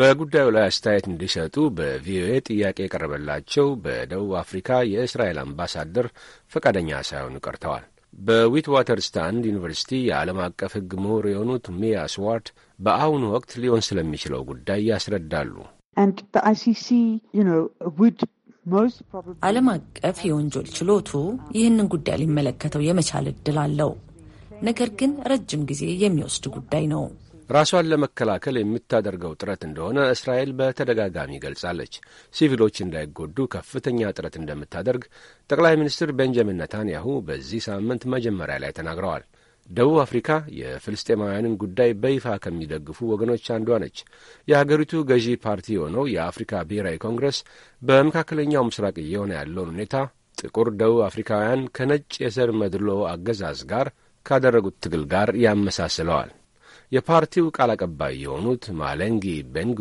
በጉዳዩ ላይ አስተያየት እንዲሰጡ በቪኦኤ ጥያቄ የቀረበላቸው በደቡብ አፍሪካ የእስራኤል አምባሳደር ፈቃደኛ ሳይሆኑ ቀርተዋል። በዊትዋተርስታንድ ዩኒቨርሲቲ የዓለም አቀፍ ሕግ ምሁር የሆኑት ሚያ ስዋርት በአሁኑ ወቅት ሊሆን ስለሚችለው ጉዳይ ያስረዳሉ። ዓለም አቀፍ የወንጀል ችሎቱ ይህንን ጉዳይ ሊመለከተው የመቻል እድል አለው። ነገር ግን ረጅም ጊዜ የሚወስድ ጉዳይ ነው። ራሷን ለመከላከል የምታደርገው ጥረት እንደሆነ እስራኤል በተደጋጋሚ ገልጻለች። ሲቪሎች እንዳይጎዱ ከፍተኛ ጥረት እንደምታደርግ ጠቅላይ ሚኒስትር ቤንጃሚን ነታንያሁ በዚህ ሳምንት መጀመሪያ ላይ ተናግረዋል። ደቡብ አፍሪካ የፍልስጤማውያንን ጉዳይ በይፋ ከሚደግፉ ወገኖች አንዷ ነች። የአገሪቱ ገዢ ፓርቲ የሆነው የአፍሪካ ብሔራዊ ኮንግረስ በመካከለኛው ምስራቅ እየሆነ ያለውን ሁኔታ ጥቁር ደቡብ አፍሪካውያን ከነጭ የዘር መድሎ አገዛዝ ጋር ካደረጉት ትግል ጋር ያመሳስለዋል። የፓርቲው ቃል አቀባይ የሆኑት ማለንጊ ቤንጉ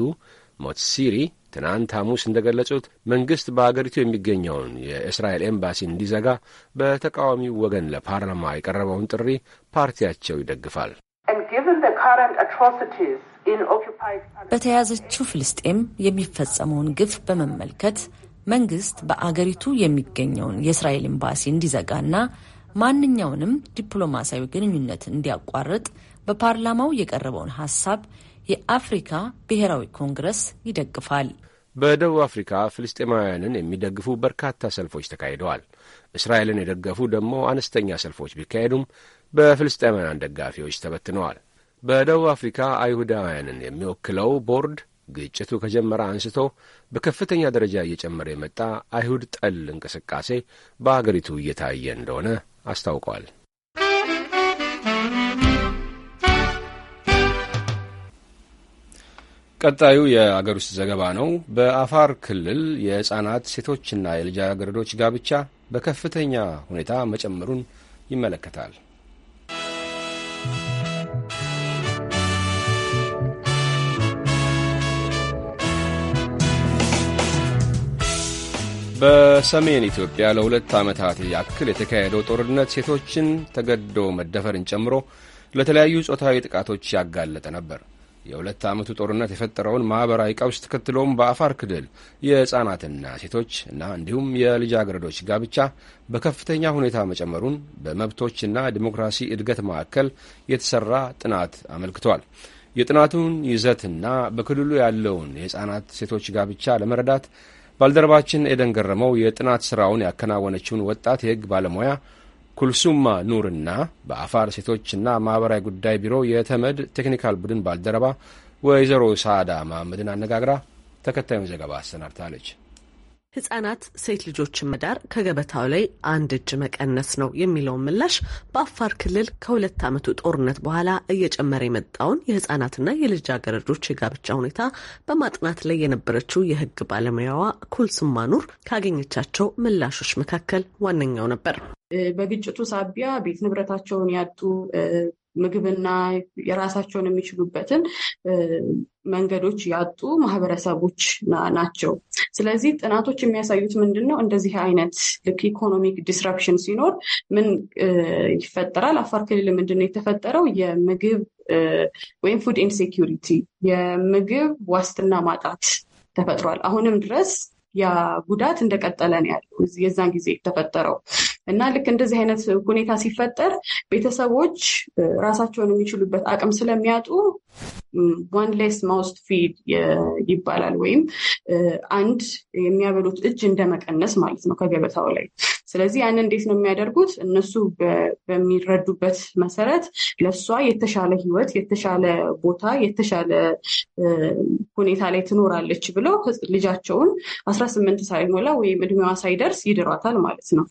ሞትሲሪ ትናንት ሐሙስ እንደ ገለጹት መንግሥት በአገሪቱ የሚገኘውን የእስራኤል ኤምባሲ እንዲዘጋ በተቃዋሚው ወገን ለፓርላማ የቀረበውን ጥሪ ፓርቲያቸው ይደግፋል። በተያዘችው ፍልስጤም የሚፈጸመውን ግፍ በመመልከት መንግሥት በአገሪቱ የሚገኘውን የእስራኤል ኤምባሲ እንዲዘጋና ማንኛውንም ዲፕሎማሲያዊ ግንኙነት እንዲያቋርጥ በፓርላማው የቀረበውን ሀሳብ የአፍሪካ ብሔራዊ ኮንግረስ ይደግፋል። በደቡብ አፍሪካ ፍልስጤማውያንን የሚደግፉ በርካታ ሰልፎች ተካሂደዋል። እስራኤልን የደገፉ ደግሞ አነስተኛ ሰልፎች ቢካሄዱም በፍልስጤማውያን ደጋፊዎች ተበትነዋል። በደቡብ አፍሪካ አይሁዳውያንን የሚወክለው ቦርድ ግጭቱ ከጀመረ አንስቶ በከፍተኛ ደረጃ እየጨመረ የመጣ አይሁድ ጠል እንቅስቃሴ በአገሪቱ እየታየ እንደሆነ አስታውቋል። ቀጣዩ የአገር ውስጥ ዘገባ ነው። በአፋር ክልል የህጻናት ሴቶችና የልጃገረዶች ጋብቻ በከፍተኛ ሁኔታ መጨመሩን ይመለከታል። በሰሜን ኢትዮጵያ ለሁለት ዓመታት ያክል የተካሄደው ጦርነት ሴቶችን ተገዶ መደፈርን ጨምሮ ለተለያዩ ጾታዊ ጥቃቶች ያጋለጠ ነበር። የሁለት ዓመቱ ጦርነት የፈጠረውን ማኅበራዊ ቀውስ ተከትሎም በአፋር ክልል የሕፃናትና ሴቶች እና እንዲሁም የልጃገረዶች ጋብቻ በከፍተኛ ሁኔታ መጨመሩን በመብቶችና ዲሞክራሲ እድገት ማዕከል የተሠራ ጥናት አመልክቷል። የጥናቱን ይዘትና በክልሉ ያለውን የሕፃናት ሴቶች ጋብቻ ለመረዳት ባልደረባችን ኤደን ገረመው የጥናት ሥራውን ያከናወነችውን ወጣት የሕግ ባለሙያ ኩልሱማ ኑርና በአፋር ሴቶችና ማኅበራዊ ጉዳይ ቢሮ የተመድ ቴክኒካል ቡድን ባልደረባ ወይዘሮ ሳዳ መሐመድን አነጋግራ ተከታዩን ዘገባ አሰናድታለች። ህጻናት ሴት ልጆችን መዳር ከገበታው ላይ አንድ እጅ መቀነስ ነው የሚለውን ምላሽ በአፋር ክልል ከሁለት ዓመቱ ጦርነት በኋላ እየጨመረ የመጣውን የህጻናትና የልጃገረዶች የጋብቻ ሁኔታ በማጥናት ላይ የነበረችው የህግ ባለሙያዋ ኩልስም ማኑር ካገኘቻቸው ምላሾች መካከል ዋነኛው ነበር። በግጭቱ ሳቢያ ቤት ንብረታቸውን ያጡ ምግብና የራሳቸውን የሚችሉበትን መንገዶች ያጡ ማህበረሰቦች ናቸው። ስለዚህ ጥናቶች የሚያሳዩት ምንድን ነው? እንደዚህ አይነት ልክ ኢኮኖሚክ ዲስራፕሽን ሲኖር ምን ይፈጠራል? አፋር ክልል ምንድን ነው የተፈጠረው? የምግብ ወይም ፉድ ኢንሴኪሪቲ የምግብ ዋስትና ማጣት ተፈጥሯል። አሁንም ድረስ ያ ጉዳት እንደቀጠለ ነው ያለው የዛን ጊዜ የተፈጠረው እና ልክ እንደዚህ አይነት ሁኔታ ሲፈጠር ቤተሰቦች ራሳቸውን የሚችሉበት አቅም ስለሚያጡ ዋን ሌስ ማውስት ፊድ ይባላል ወይም አንድ የሚያበሉት እጅ እንደመቀነስ ማለት ነው ከገበታው ላይ። ስለዚህ ያንን እንዴት ነው የሚያደርጉት? እነሱ በሚረዱበት መሰረት ለእሷ የተሻለ ህይወት፣ የተሻለ ቦታ፣ የተሻለ ሁኔታ ላይ ትኖራለች ብለው ልጃቸውን አስራ ስምንት ሳይሞላ ወይም እድሜዋ ሳይደርስ ይድሯታል ማለት ነው።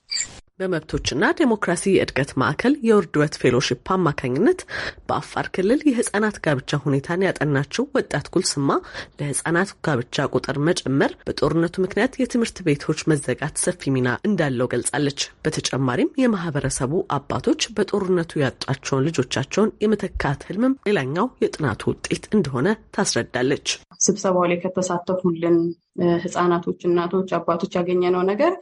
በመብቶችና ዴሞክራሲ እድገት ማዕከል የውርድበት ፌሎሺፕ አማካኝነት በአፋር ክልል የህጻናት ጋብቻ ሁኔታን ያጠናችው ወጣት ጉልስማ ለህጻናት ጋብቻ ቁጥር መጨመር በጦርነቱ ምክንያት የትምህርት ቤቶች መዘጋት ሰፊ ሚና እንዳለው ገልጻለች። በተጨማሪም የማህበረሰቡ አባቶች በጦርነቱ ያጧቸውን ልጆቻቸውን የመተካት ህልምም ሌላኛው የጥናቱ ውጤት እንደሆነ ታስረዳለች። ስብሰባው ላይ ከተሳተፉልን ህጻናቶች፣ እናቶች፣ አባቶች ያገኘነው ነገር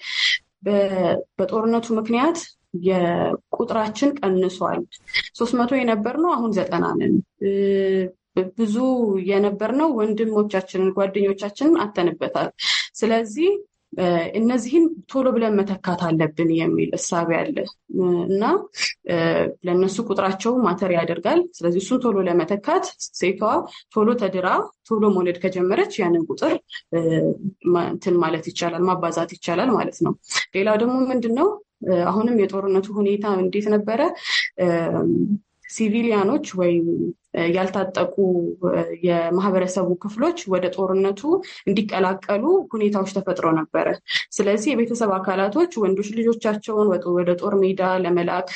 በጦርነቱ ምክንያት የቁጥራችን ቀንሷል። ሶስት መቶ የነበርነው አሁን ዘጠና ነን። ብዙ የነበርነው ወንድሞቻችንን ጓደኞቻችንን አተንበታል። ስለዚህ እነዚህን ቶሎ ብለን መተካት አለብን የሚል እሳቤ አለ እና ለእነሱ ቁጥራቸው ማተር ያደርጋል። ስለዚህ እሱን ቶሎ ለመተካት ሴቷ ቶሎ ተድራ ቶሎ መውለድ ከጀመረች ያንን ቁጥር እንትን ማለት ይቻላል፣ ማባዛት ይቻላል ማለት ነው። ሌላው ደግሞ ምንድን ነው አሁንም የጦርነቱ ሁኔታ እንዴት ነበረ? ሲቪሊያኖች ወይም ያልታጠቁ የማህበረሰቡ ክፍሎች ወደ ጦርነቱ እንዲቀላቀሉ ሁኔታዎች ተፈጥሮ ነበረ። ስለዚህ የቤተሰብ አካላቶች ወንዶች ልጆቻቸውን ወደ ጦር ሜዳ ለመላክ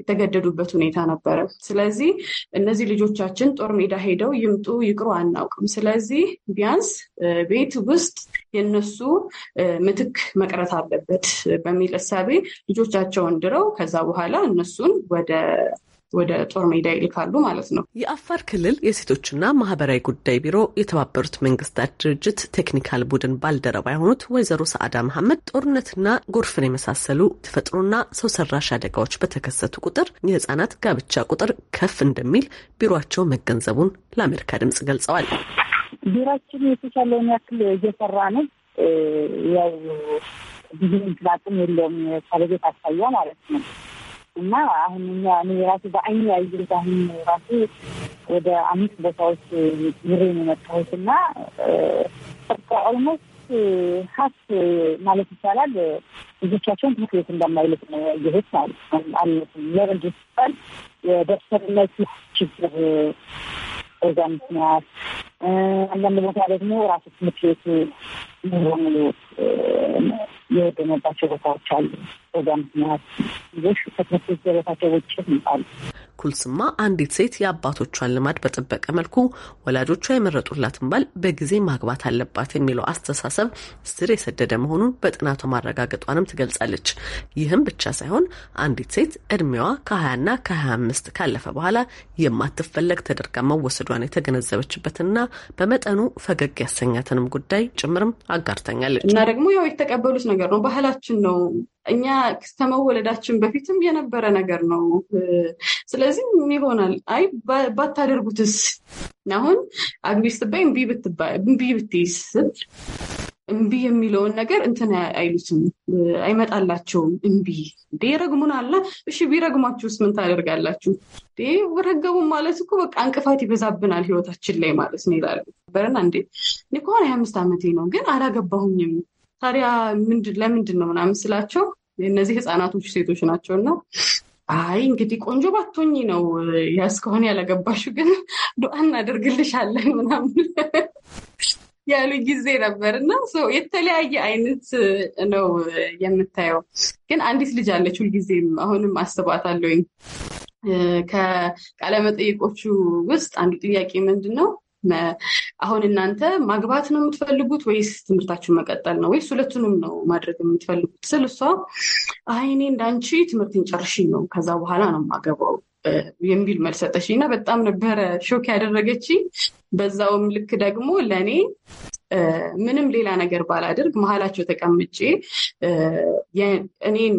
የተገደዱበት ሁኔታ ነበረ። ስለዚህ እነዚህ ልጆቻችን ጦር ሜዳ ሄደው ይምጡ ይቅሩ አናውቅም። ስለዚህ ቢያንስ ቤት ውስጥ የነሱ ምትክ መቅረት አለበት በሚል እሳቤ ልጆቻቸውን ድረው ከዛ በኋላ እነሱን ወደ ወደ ጦር ሜዳ ይልካሉ ማለት ነው። የአፋር ክልል የሴቶችና ማህበራዊ ጉዳይ ቢሮ የተባበሩት መንግስታት ድርጅት ቴክኒካል ቡድን ባልደረባ የሆኑት ወይዘሮ ሰአዳ መሐመድ ጦርነትና ጎርፍን የመሳሰሉ ተፈጥሮና ሰው ሰራሽ አደጋዎች በተከሰቱ ቁጥር የህጻናት ጋብቻ ቁጥር ከፍ እንደሚል ቢሮቸው መገንዘቡን ለአሜሪካ ድምጽ ገልጸዋል። ቢሮችን የተቻለውን ያክል እየሰራ ነው። ያው ብዙ ስላጥም የለውም ካለጌት አሳያ ማለት ነው እና አሁን እኛ እኔ ራሱ በአይኑ ያየሁት አሁን ራሱ ወደ አምስት ቦታዎች ይሬ ነው የመጣሁት እና ኦልሞስት ሀስ ማለት ይቻላል ልጆቻቸውን ትምህርት ቤት እንደማይልቅ ነው ያየሁት ማለት ነው። አለትም ለረጅ ሲባል የደብተርነት ችግር እዛ ምክንያት አንዳንድ ቦታ ደግሞ ራሱ ትምህርት ቤት ሙሉ የወደመባቸው ቦታዎች አሉ። ምክንያት ልጆች ከትምህርት ገበታቸው ውጭ ይመጣሉ። ኩልስማ አንዲት ሴት የአባቶቿን ልማድ በጠበቀ መልኩ ወላጆቿ የመረጡላትን ባል በጊዜ ማግባት አለባት የሚለው አስተሳሰብ ስር የሰደደ መሆኑን በጥናቱ ማረጋገጧንም ትገልጻለች። ይህም ብቻ ሳይሆን አንዲት ሴት እድሜዋ ከ20ና ከ25 ካለፈ በኋላ የማትፈለግ ተደርጋ መወሰዷን የተገነዘበችበትና በመጠኑ ፈገግ ያሰኛትንም ጉዳይ ጭምርም አጋርተኛለች። እና ደግሞ ያው የተቀበሉት ነገር ነው፣ ባህላችን ነው እኛ ከመወለዳችን በፊትም የነበረ ነገር ነው። ስለዚህ ይሆናል? አይ ባታደርጉትስ አሁን አግቢ ስትባይ እምቢ ብትይስ እምቢ የሚለውን ነገር እንትን አይሉትም፣ አይመጣላቸውም። እምቢ እንዴ ረግሙን አለ። እሺ ቢረግሟችሁስ ምን ታደርጋላችሁ? ረገሙ ማለት እኮ በቃ እንቅፋት ይበዛብናል ህይወታችን ላይ ማለት ነው ይላሉ ነበርና እንዴ እኔ ከሆነ ሀያ አምስት ዓመቴ ነው ግን አላገባሁኝም ታዲያ ለምንድን ነው ምናምን ስላቸው እነዚህ ህፃናቶች ሴቶች ናቸው እና አይ እንግዲህ ቆንጆ ባቶኝ ነው ያስከሆን ያለገባሹ ግን ዱአ እናደርግልሻለን ምናምን ያሉ ጊዜ ነበር እና የተለያየ አይነት ነው የምታየው። ግን አንዲት ልጅ አለች ሁልጊዜም አሁንም አስባታለሁኝ። ከቃለመጠይቆቹ ውስጥ አንዱ ጥያቄ ምንድን ነው አሁን እናንተ ማግባት ነው የምትፈልጉት ወይስ ትምህርታችሁን መቀጠል ነው ወይስ ሁለቱንም ነው ማድረግ የምትፈልጉት ስል እሷ አይ እኔ እንዳንቺ ትምህርትን ጨርሽ ነው ከዛ በኋላ ነው ማገባው የሚል መልስ ሰጠችኝ እና በጣም ነበረ ሾክ ያደረገች። በዛውም ልክ ደግሞ ለእኔ ምንም ሌላ ነገር ባላደርግ መሀላቸው ተቀምጬ እኔን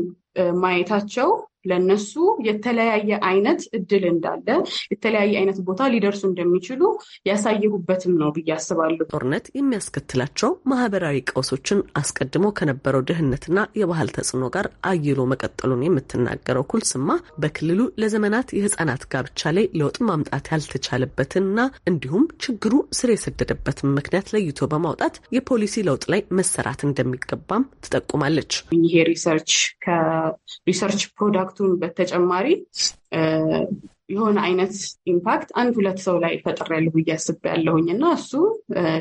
ማየታቸው ለነሱ የተለያየ አይነት እድል እንዳለ የተለያየ አይነት ቦታ ሊደርሱ እንደሚችሉ ያሳየሁበትም ነው ብዬ አስባለሁ። ጦርነት የሚያስከትላቸው ማህበራዊ ቀውሶችን አስቀድሞ ከነበረው ድህነትና የባህል ተጽዕኖ ጋር አይሎ መቀጠሉን የምትናገረው ኩልስማ በክልሉ ለዘመናት የህጻናት ጋብቻ ላይ ለውጥ ማምጣት ያልተቻለበትንና እንዲሁም ችግሩ ስር የሰደደበትን ምክንያት ለይቶ በማውጣት የፖሊሲ ለውጥ ላይ መሰራት እንደሚገባም ትጠቁማለች። ይሄ ሪሰርች ከሪሰርች ፕሮዳክት ከኢምፓክቱን በተጨማሪ የሆነ አይነት ኢምፓክት አንድ ሁለት ሰው ላይ ፈጥሬያለሁ ብዬ አስቤያለሁኝ እና እሱ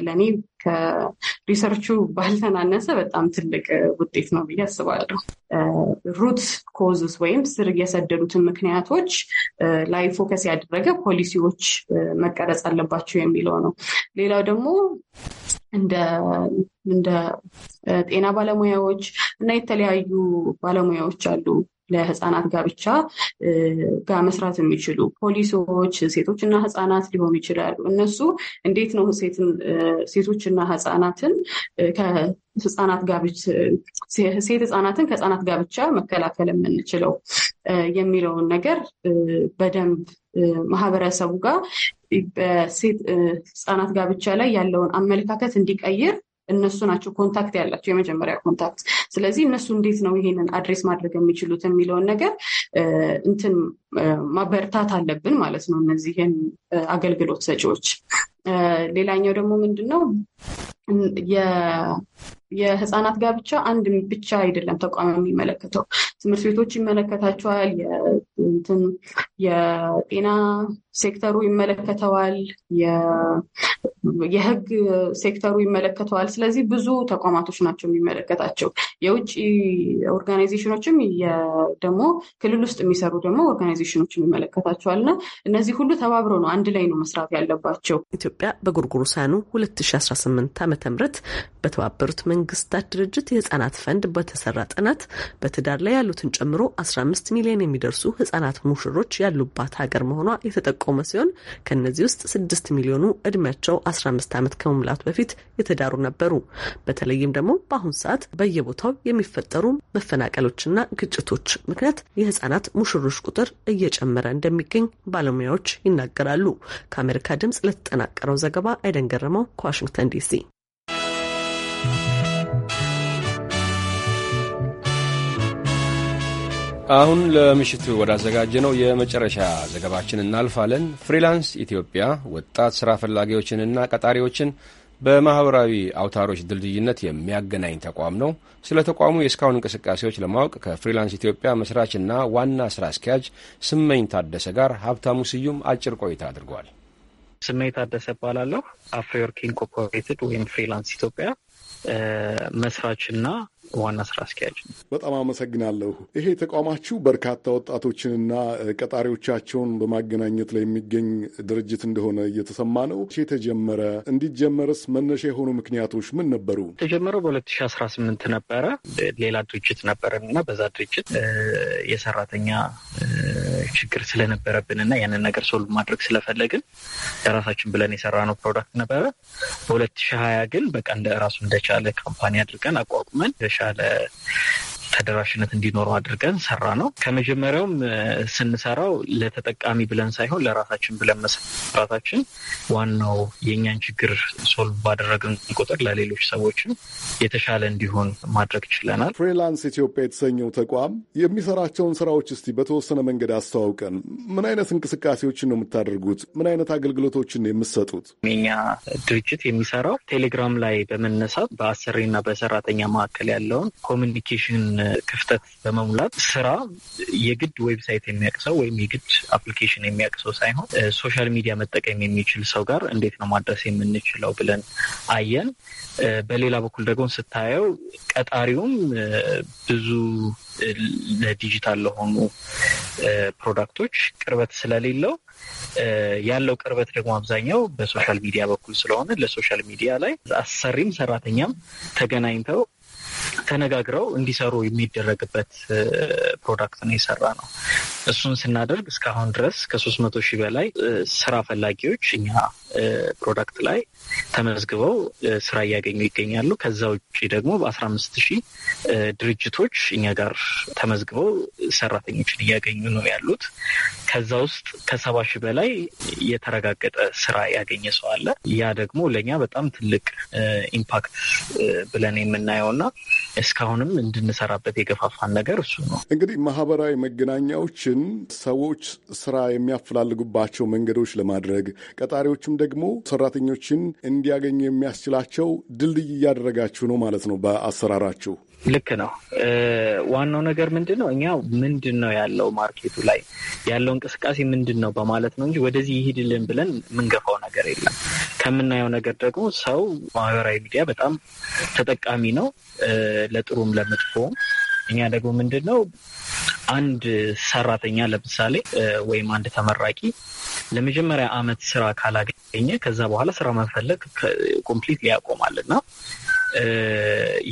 ለእኔ ከሪሰርቹ ባልተናነሰ በጣም ትልቅ ውጤት ነው ብዬ አስባለሁ። ሩት ኮዝስ ወይም ስር የሰደዱትን ምክንያቶች ላይ ፎከስ ያደረገ ፖሊሲዎች መቀረጽ አለባቸው የሚለው ነው። ሌላው ደግሞ እንደ ጤና ባለሙያዎች እና የተለያዩ ባለሙያዎች አሉ ለህፃናት ጋብቻ ጋር መስራት የሚችሉ ፖሊሶች፣ ሴቶችና ህፃናት ሊሆኑ ይችላሉ። እነሱ እንዴት ነው ሴቶችና ህፃናትን ህጻናት ጋብቻ ሴት ህጻናትን ከህጻናት ጋብቻ መከላከል የምንችለው የሚለውን ነገር በደንብ ማህበረሰቡ ጋር በሴት ህጻናት ጋብቻ ላይ ያለውን አመለካከት እንዲቀይር እነሱ ናቸው ኮንታክት ያላቸው የመጀመሪያ ኮንታክት። ስለዚህ እነሱ እንዴት ነው ይሄንን አድሬስ ማድረግ የሚችሉት የሚለውን ነገር እንትን ማበርታት አለብን ማለት ነው እነዚህን አገልግሎት ሰጪዎች። ሌላኛው ደግሞ ምንድን ነው የህፃናት ጋብቻ አንድ ብቻ አይደለም ተቋም የሚመለከተው ትምህርት ቤቶች ይመለከታቸዋል። የጤና ሴክተሩ ይመለከተዋል፣ የህግ ሴክተሩ ይመለከተዋል። ስለዚህ ብዙ ተቋማቶች ናቸው የሚመለከታቸው። የውጭ ኦርጋናይዜሽኖችም ደግሞ ክልል ውስጥ የሚሰሩ ደግሞ ኦርጋናይዜሽኖችም ይመለከታቸዋል እና እነዚህ ሁሉ ተባብረው ነው አንድ ላይ ነው መስራት ያለባቸው። ኢትዮጵያ በጎርጎሮሳውያኑ 2018 ዓ ም በተባበሩት መንግስታት ድርጅት የህጻናት ፈንድ በተሰራ ጥናት በትዳር ላይ ያሉትን ጨምሮ 15 ሚሊዮን የሚደርሱ ህጻናት ሙሽሮች ያሉባት ሀገር መሆኗ የተጠቀ የቆመ ሲሆን ከእነዚህ ውስጥ ስድስት ሚሊዮኑ እድሜያቸው አስራ አምስት ዓመት ከመሙላቱ በፊት የተዳሩ ነበሩ። በተለይም ደግሞ በአሁኑ ሰዓት በየቦታው የሚፈጠሩ መፈናቀሎችና ግጭቶች ምክንያት የህጻናት ሙሽሮች ቁጥር እየጨመረ እንደሚገኝ ባለሙያዎች ይናገራሉ። ከአሜሪካ ድምጽ ለተጠናቀረው ዘገባ አይደን ገረመው ከዋሽንግተን ዲሲ አሁን ለምሽቱ ነው የመጨረሻ ዘገባችን እናልፋለን። ፍሪላንስ ኢትዮጵያ ወጣት ስራ ፈላጊዎችንና ቀጣሪዎችን በማኅበራዊ አውታሮች ድልድይነት የሚያገናኝ ተቋም ነው። ስለ ተቋሙ የእስካሁን እንቅስቃሴዎች ለማወቅ ከፍሪላንስ ኢትዮጵያ መስራችና ዋና ስራ አስኪያጅ ስመኝ ታደሰ ጋር ሀብታሙ ስዩም አጭር ቆይታ አድርጓል። ስመኝ ታደሰ እባላለሁ። አፍሪወርክ ኢንኮርፖሬትድ ወይም ፍሪላንስ ኢትዮጵያ መስራችና ዋና ስራ አስኪያጅ። በጣም አመሰግናለሁ። ይሄ ተቋማችሁ በርካታ ወጣቶችንና ቀጣሪዎቻቸውን በማገናኘት ላይ የሚገኝ ድርጅት እንደሆነ እየተሰማ ነው። የተጀመረ እንዲጀመርስ መነሻ የሆኑ ምክንያቶች ምን ነበሩ? የተጀመረው በ2018 ነበረ። ሌላ ድርጅት ነበረን እና በዛ ድርጅት የሰራተኛ ችግር ስለነበረብን እና ያንን ነገር ሶልቭ ማድረግ ስለፈለግን ለራሳችን ብለን የሰራነው ፕሮዳክት ነበረ። በ2020 ግን በቃ እንደ ራሱ እንደቻለ ካምፓኒ አድርገን አቋቁመን የተሻለ ተደራሽነት እንዲኖረው አድርገን ሰራ ነው። ከመጀመሪያውም ስንሰራው ለተጠቃሚ ብለን ሳይሆን ለራሳችን ብለን መስራታችን ዋናው የእኛን ችግር ሶልቭ ባደረግን ቁጥር ለሌሎች ሰዎችም የተሻለ እንዲሆን ማድረግ ችለናል። ፍሪላንስ ኢትዮጵያ የተሰኘው ተቋም የሚሰራቸውን ስራዎች እስቲ በተወሰነ መንገድ አስተዋውቀን። ምን አይነት እንቅስቃሴዎችን ነው የምታደርጉት? ምን አይነት አገልግሎቶችን የምትሰጡት? የኛ ድርጅት የሚሰራው ቴሌግራም ላይ በመነሳት በአሰሪና በሰራተኛ መካከል ያለውን ኮሚኒኬሽን ክፍተት በመሙላት ስራ የግድ ዌብሳይት የሚያውቅ ሰው ወይም የግድ አፕሊኬሽን የሚያውቅ ሰው ሳይሆን ሶሻል ሚዲያ መጠቀም የሚችል ሰው ጋር እንዴት ነው ማድረስ የምንችለው ብለን አየን። በሌላ በኩል ደግሞ ስታየው ቀጣሪውም ብዙ ለዲጂታል ለሆኑ ፕሮዳክቶች ቅርበት ስለሌለው ያለው ቅርበት ደግሞ አብዛኛው በሶሻል ሚዲያ በኩል ስለሆነ ለሶሻል ሚዲያ ላይ አሰሪም ሰራተኛም ተገናኝተው ተነጋግረው እንዲሰሩ የሚደረግበት ፕሮዳክት ነው የሰራ ነው። እሱን ስናደርግ እስካሁን ድረስ ከሶስት መቶ ሺህ በላይ ስራ ፈላጊዎች እኛ ፕሮዳክት ላይ ተመዝግበው ስራ እያገኙ ይገኛሉ። ከዛ ውጭ ደግሞ በአስራ አምስት ሺህ ድርጅቶች እኛ ጋር ተመዝግበው ሰራተኞችን እያገኙ ነው ያሉት። ከዛ ውስጥ ከሰባ ሺህ በላይ የተረጋገጠ ስራ ያገኘ ሰው አለ። ያ ደግሞ ለእኛ በጣም ትልቅ ኢምፓክት ብለን የምናየውና እስካሁንም እንድንሰራበት የገፋፋን ነገር እሱ ነው። እንግዲህ ማህበራዊ መገናኛዎችን ሰዎች ስራ የሚያፈላልጉባቸው መንገዶች ለማድረግ ቀጣሪዎችም ደግሞ ሰራተኞችን እንዲያገኙ የሚያስችላቸው ድልድይ እያደረጋችሁ ነው ማለት ነው በአሰራራችሁ። ልክ ነው። ዋናው ነገር ምንድን ነው? እኛ ምንድን ነው ያለው ማርኬቱ ላይ ያለው እንቅስቃሴ ምንድን ነው በማለት ነው እንጂ ወደዚህ ይሄድልን ብለን የምንገፋው ነገር የለም። ከምናየው ነገር ደግሞ ሰው ማህበራዊ ሚዲያ በጣም ተጠቃሚ ነው፣ ለጥሩም ለመጥፎም። እኛ ደግሞ ምንድን ነው አንድ ሰራተኛ ለምሳሌ ወይም አንድ ተመራቂ ለመጀመሪያ አመት ስራ ካላገኘ ከዛ በኋላ ስራ መፈለግ ኮምፕሊት ሊያቆማል እና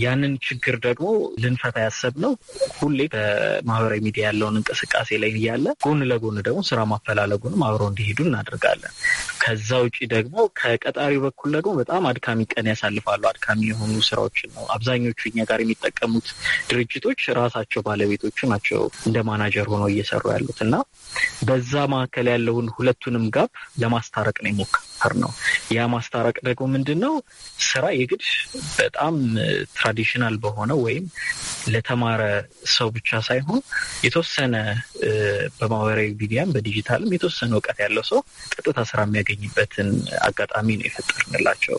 ያንን ችግር ደግሞ ልንፈታ ያሰብነው ሁሌ በማህበራዊ ሚዲያ ያለውን እንቅስቃሴ ላይ እያለ ጎን ለጎን ደግሞ ስራ ማፈላለጉንም አብረው እንዲሄዱ እናደርጋለን። ከዛ ውጭ ደግሞ ከቀጣሪው በኩል ደግሞ በጣም አድካሚ ቀን ያሳልፋሉ። አድካሚ የሆኑ ስራዎችን ነው አብዛኞቹ እኛ ጋር የሚጠቀሙት ድርጅቶች ራሳቸው ባለቤቶቹ ናቸው እንደ ማናጀር ሆነው እየሰሩ ያሉት እና በዛ መካከል ያለውን ሁለቱንም ጋር ለማስታረቅ ነው ነው። ያ ማስታረቅ ደግሞ ምንድን ነው ስራ የግድ በጣም ትራዲሽናል በሆነው ወይም ለተማረ ሰው ብቻ ሳይሆን የተወሰነ በማህበራዊ ሚዲያም በዲጂታልም የተወሰነ እውቀት ያለው ሰው ቀጥታ ስራ የሚያገኝበትን አጋጣሚ ነው የፈጠርንላቸው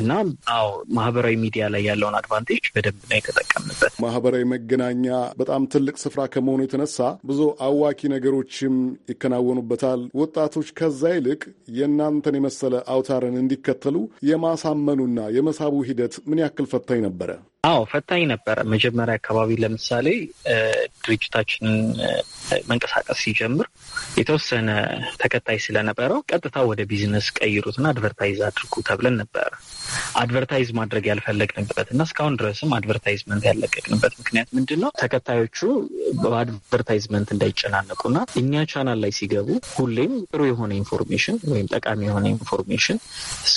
እና አዎ ማህበራዊ ሚዲያ ላይ ያለውን አድቫንቴጅ በደንብ ነው የተጠቀምበት። ማህበራዊ መገናኛ በጣም ትልቅ ስፍራ ከመሆኑ የተነሳ ብዙ አዋኪ ነገሮችም ይከናወኑበታል። ወጣቶች ከዛ ይልቅ የእናንተን የመሰለ አውታርን እንዲከተሉ የማሳመኑና የመሳቡ ሂደት ምን ያክል ፈታኝ ነበረ? አዎ ፈታኝ ነበረ። መጀመሪያ አካባቢ ለምሳሌ ድርጅታችንን መንቀሳቀስ ሲጀምር የተወሰነ ተከታይ ስለነበረው ቀጥታ ወደ ቢዝነስ ቀይሩትና አድቨርታይዝ አድርጉ ተብለን ነበረ። አድቨርታይዝ ማድረግ ያልፈለግንበት እና እስካሁን ድረስም አድቨርታይዝመንት ያለቀቅንበት ምክንያት ምንድን ነው? ተከታዮቹ በአድቨርታይዝመንት እንዳይጨናነቁና እኛ ቻናል ላይ ሲገቡ ሁሌም ጥሩ የሆነ ኢንፎርሜሽን ወይም ጠቃሚ የሆነ ኢንፎርሜሽን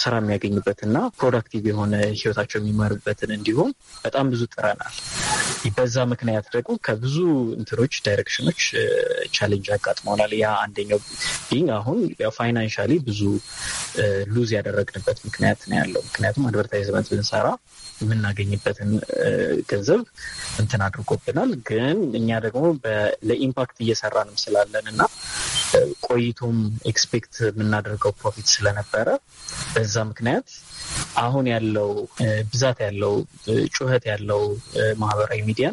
ስራ የሚያገኝበትና ፕሮዳክቲቭ የሆነ ህይወታቸው የሚመሩበትን እንዲሁም በጣም ብዙ ጥረናል። በዛ ምክንያት ደግሞ ከብዙ እንትኖች ዳይሬክሽኖች ቻሌንጅ አጋጥመውናል። ያ አንደኛው ቢንግ አሁን ፋይናንሻሊ ብዙ ሉዝ ያደረግንበት ምክንያት ነው ያለው። ምክንያቱም አድቨርታይዝመንት ብንሰራ የምናገኝበትን ገንዘብ እንትን አድርጎብናል። ግን እኛ ደግሞ ለኢምፓክት እየሰራንም ስላለን እና ቆይቶም ኤክስፔክት የምናደርገው ፕሮፊት ስለነበረ በዛ ምክንያት አሁን ያለው ብዛት ያለው ጩኸት ያለው ማህበራዊ ሚዲያ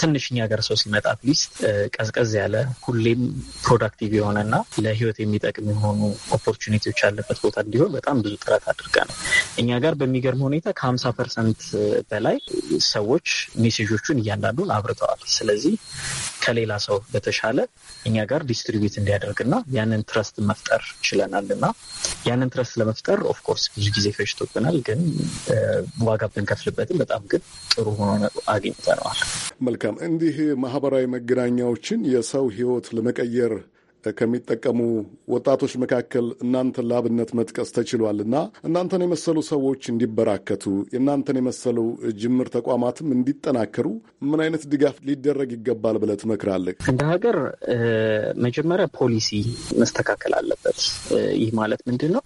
ትንሽ እኛ ጋር ሰው ሲመጣ አትሊስት ቀዝቀዝ ያለ ሁሌም ፕሮዳክቲቭ የሆነና ለህይወት የሚጠቅም የሆኑ ኦፖርቹኒቲዎች ያለበት ቦታ እንዲሆን በጣም ብዙ ጥረት አድርገናል። እኛ ጋር በሚገርም ሁኔታ ከሀምሳ ፐርሰንት በላይ ሰዎች ሜሴጆቹን እያንዳንዱን አብርተዋል። ስለዚህ ከሌላ ሰው በተሻለ እኛ ጋር ዲስትሪቢዩት እንዲያደርግና ያንን ትረስት መፍጠር ችለናልና ያንን ትረስ ለመፍጠር ኦፍኮርስ ብዙ ጊዜ ፈጅቶብናል፣ ግን ዋጋ ብንከፍልበትም በጣም ግን ጥሩ ሆኖ አግኝተነዋል። መልካም። እንዲህ ማህበራዊ መገናኛዎችን የሰው ህይወት ለመቀየር ከሚጠቀሙ ወጣቶች መካከል እናንተን ለአብነት መጥቀስ ተችሏል እና እናንተን የመሰሉ ሰዎች እንዲበራከቱ የእናንተን የመሰሉ ጅምር ተቋማትም እንዲጠናከሩ ምን አይነት ድጋፍ ሊደረግ ይገባል ብለህ ትመክራለህ? እንደ ሀገር መጀመሪያ ፖሊሲ መስተካከል አለበት። ይህ ማለት ምንድን ነው?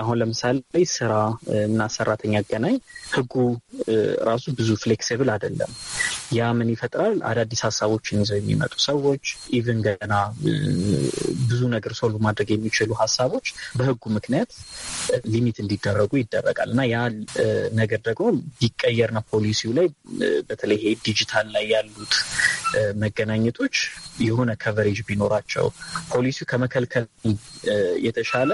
አሁን ለምሳሌ ስራ እና ሰራተኛ አገናኝ ህጉ ራሱ ብዙ ፍሌክሲብል አይደለም። ያ ምን ይፈጥራል? አዳዲስ ሀሳቦችን ይዘው የሚመጡ ሰዎች ኢቭን ገና ብዙ ነገር ሶልቭ ማድረግ የሚችሉ ሀሳቦች በህጉ ምክንያት ሊሚት እንዲደረጉ ይደረጋል እና ያ ነገር ደግሞ ነው ፖሊሲው ላይ በተለይ ይሄ ዲጂታል ላይ ያሉት መገናኘቶች የሆነ ከቨሬጅ ቢኖራቸው ፖሊሲው ከመከልከል የተሻለ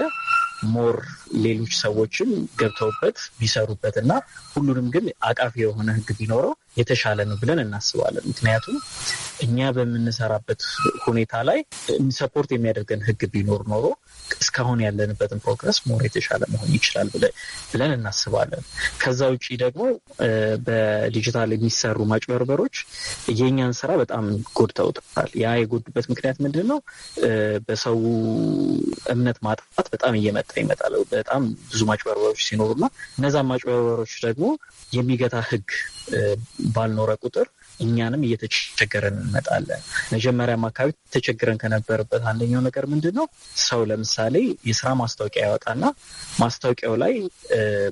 ሞር ሌሎች ሰዎችም ገብተውበት ቢሰሩበት እና ሁሉንም ግን አቃፊ የሆነ ህግ ቢኖረው የተሻለ ነው ብለን እናስባለን። ምክንያቱም እኛ በምንሰራበት ሁኔታ ላይ ሰፖርት የሚያደርገን ህግ ቢኖር ኖሮ እስካሁን ያለንበትን ፕሮግረስ ሞር የተሻለ መሆን ይችላል ብለን እናስባለን። ከዛ ውጭ ደግሞ በዲጂታል የሚሰሩ ማጭበርበሮች የእኛን ስራ በጣም ጎድተውታል። ያ የጎዱበት ምክንያት ምንድን ነው? በሰው እምነት ማጥፋት በጣም እየመጣ ይመጣል። በጣም ብዙ ማጭበርበሮች ሲኖሩና እነዛን ማጭበርበሮች ደግሞ የሚገታ ህግ? ባልኖረ ቁጥር እኛንም እየተቸገረን እንመጣለን። መጀመሪያም አካባቢ ተቸግረን ከነበረበት አንደኛው ነገር ምንድን ነው? ሰው ለምሳሌ የስራ ማስታወቂያ ያወጣና ማስታወቂያው ላይ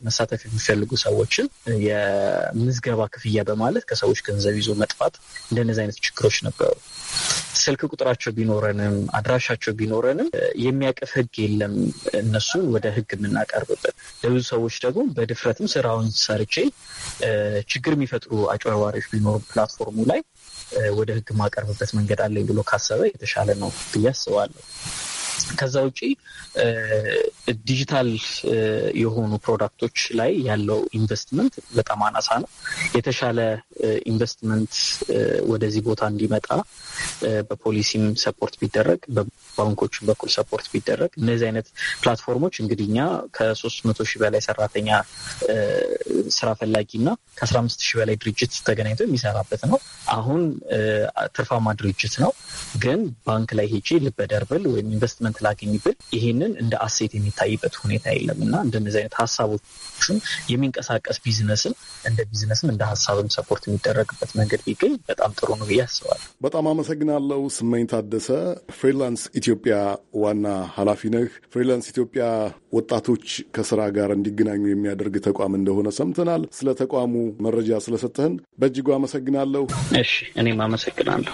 መሳተፍ የሚፈልጉ ሰዎችን የምዝገባ ክፍያ በማለት ከሰዎች ገንዘብ ይዞ መጥፋት፣ እንደነዚህ አይነት ችግሮች ነበሩ። ስልክ ቁጥራቸው ቢኖረንም አድራሻቸው ቢኖረንም የሚያቅፍ ህግ የለም እነሱን ወደ ህግ የምናቀርብበት። ለብዙ ሰዎች ደግሞ በድፍረትም ስራውን ሰርቼ ችግር የሚፈጥሩ አጭበርባሪዎች ቢኖሩ ፕላትፎርሙ ላይ ወደ ህግ ማቀርብበት መንገድ አለኝ ብሎ ካሰበ የተሻለ ነው ብዬ አስባለሁ። ከዛ ውጪ ዲጂታል የሆኑ ፕሮዳክቶች ላይ ያለው ኢንቨስትመንት በጣም አናሳ ነው። የተሻለ ኢንቨስትመንት ወደዚህ ቦታ እንዲመጣ በፖሊሲም ሰፖርት ቢደረግ ባንኮችን በኩል ሰፖርት ቢደረግ እነዚህ አይነት ፕላትፎርሞች እንግዲህ እኛ ከሶስት መቶ ሺህ በላይ ሰራተኛ ስራ ፈላጊና ከአስራ አምስት ሺህ በላይ ድርጅት ተገናኝቶ የሚሰራበት ነው። አሁን ትርፋማ ድርጅት ነው። ግን ባንክ ላይ ሄጂ ልበደርብል ወይም ኢንቨስትመንት ላገኝ ብል ይሄንን እንደ አሴት የሚታይበት ሁኔታ የለም እና እንደነዚህ አይነት ሀሳቦችን የሚንቀሳቀስ ቢዝነስም እንደ ቢዝነስም እንደ ሀሳብም ሰፖርት የሚደረግበት መንገድ ቢገኝ በጣም ጥሩ ነው ብዬ አስባለሁ። በጣም አመሰግናለሁ። ስመኝ ታደሰ ፍሪላንስ ኢትዮጵያ ዋና ኃላፊ ነህ። ፍሪላንስ ኢትዮጵያ ወጣቶች ከስራ ጋር እንዲገናኙ የሚያደርግ ተቋም እንደሆነ ሰምተናል። ስለ ተቋሙ መረጃ ስለሰጠህን በእጅጉ አመሰግናለሁ። እሺ፣ እኔም አመሰግናለሁ።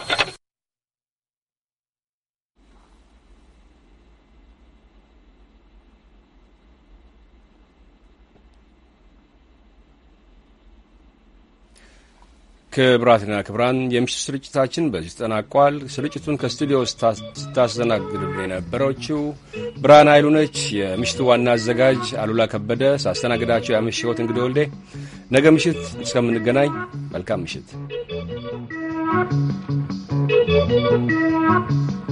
ክብራትና ክብራን የምሽት ስርጭታችን በዚህ ተጠናቋል። ስርጭቱን ከስቱዲዮ ስታስተናግድልን የነበረችው ብርሃን ኃይሉ ነች። የምሽቱ ዋና አዘጋጅ አሉላ ከበደ፣ ሳስተናግዳቸው ያመሸሁት እንግዲ ወልዴ። ነገ ምሽት እስከምንገናኝ መልካም ምሽት።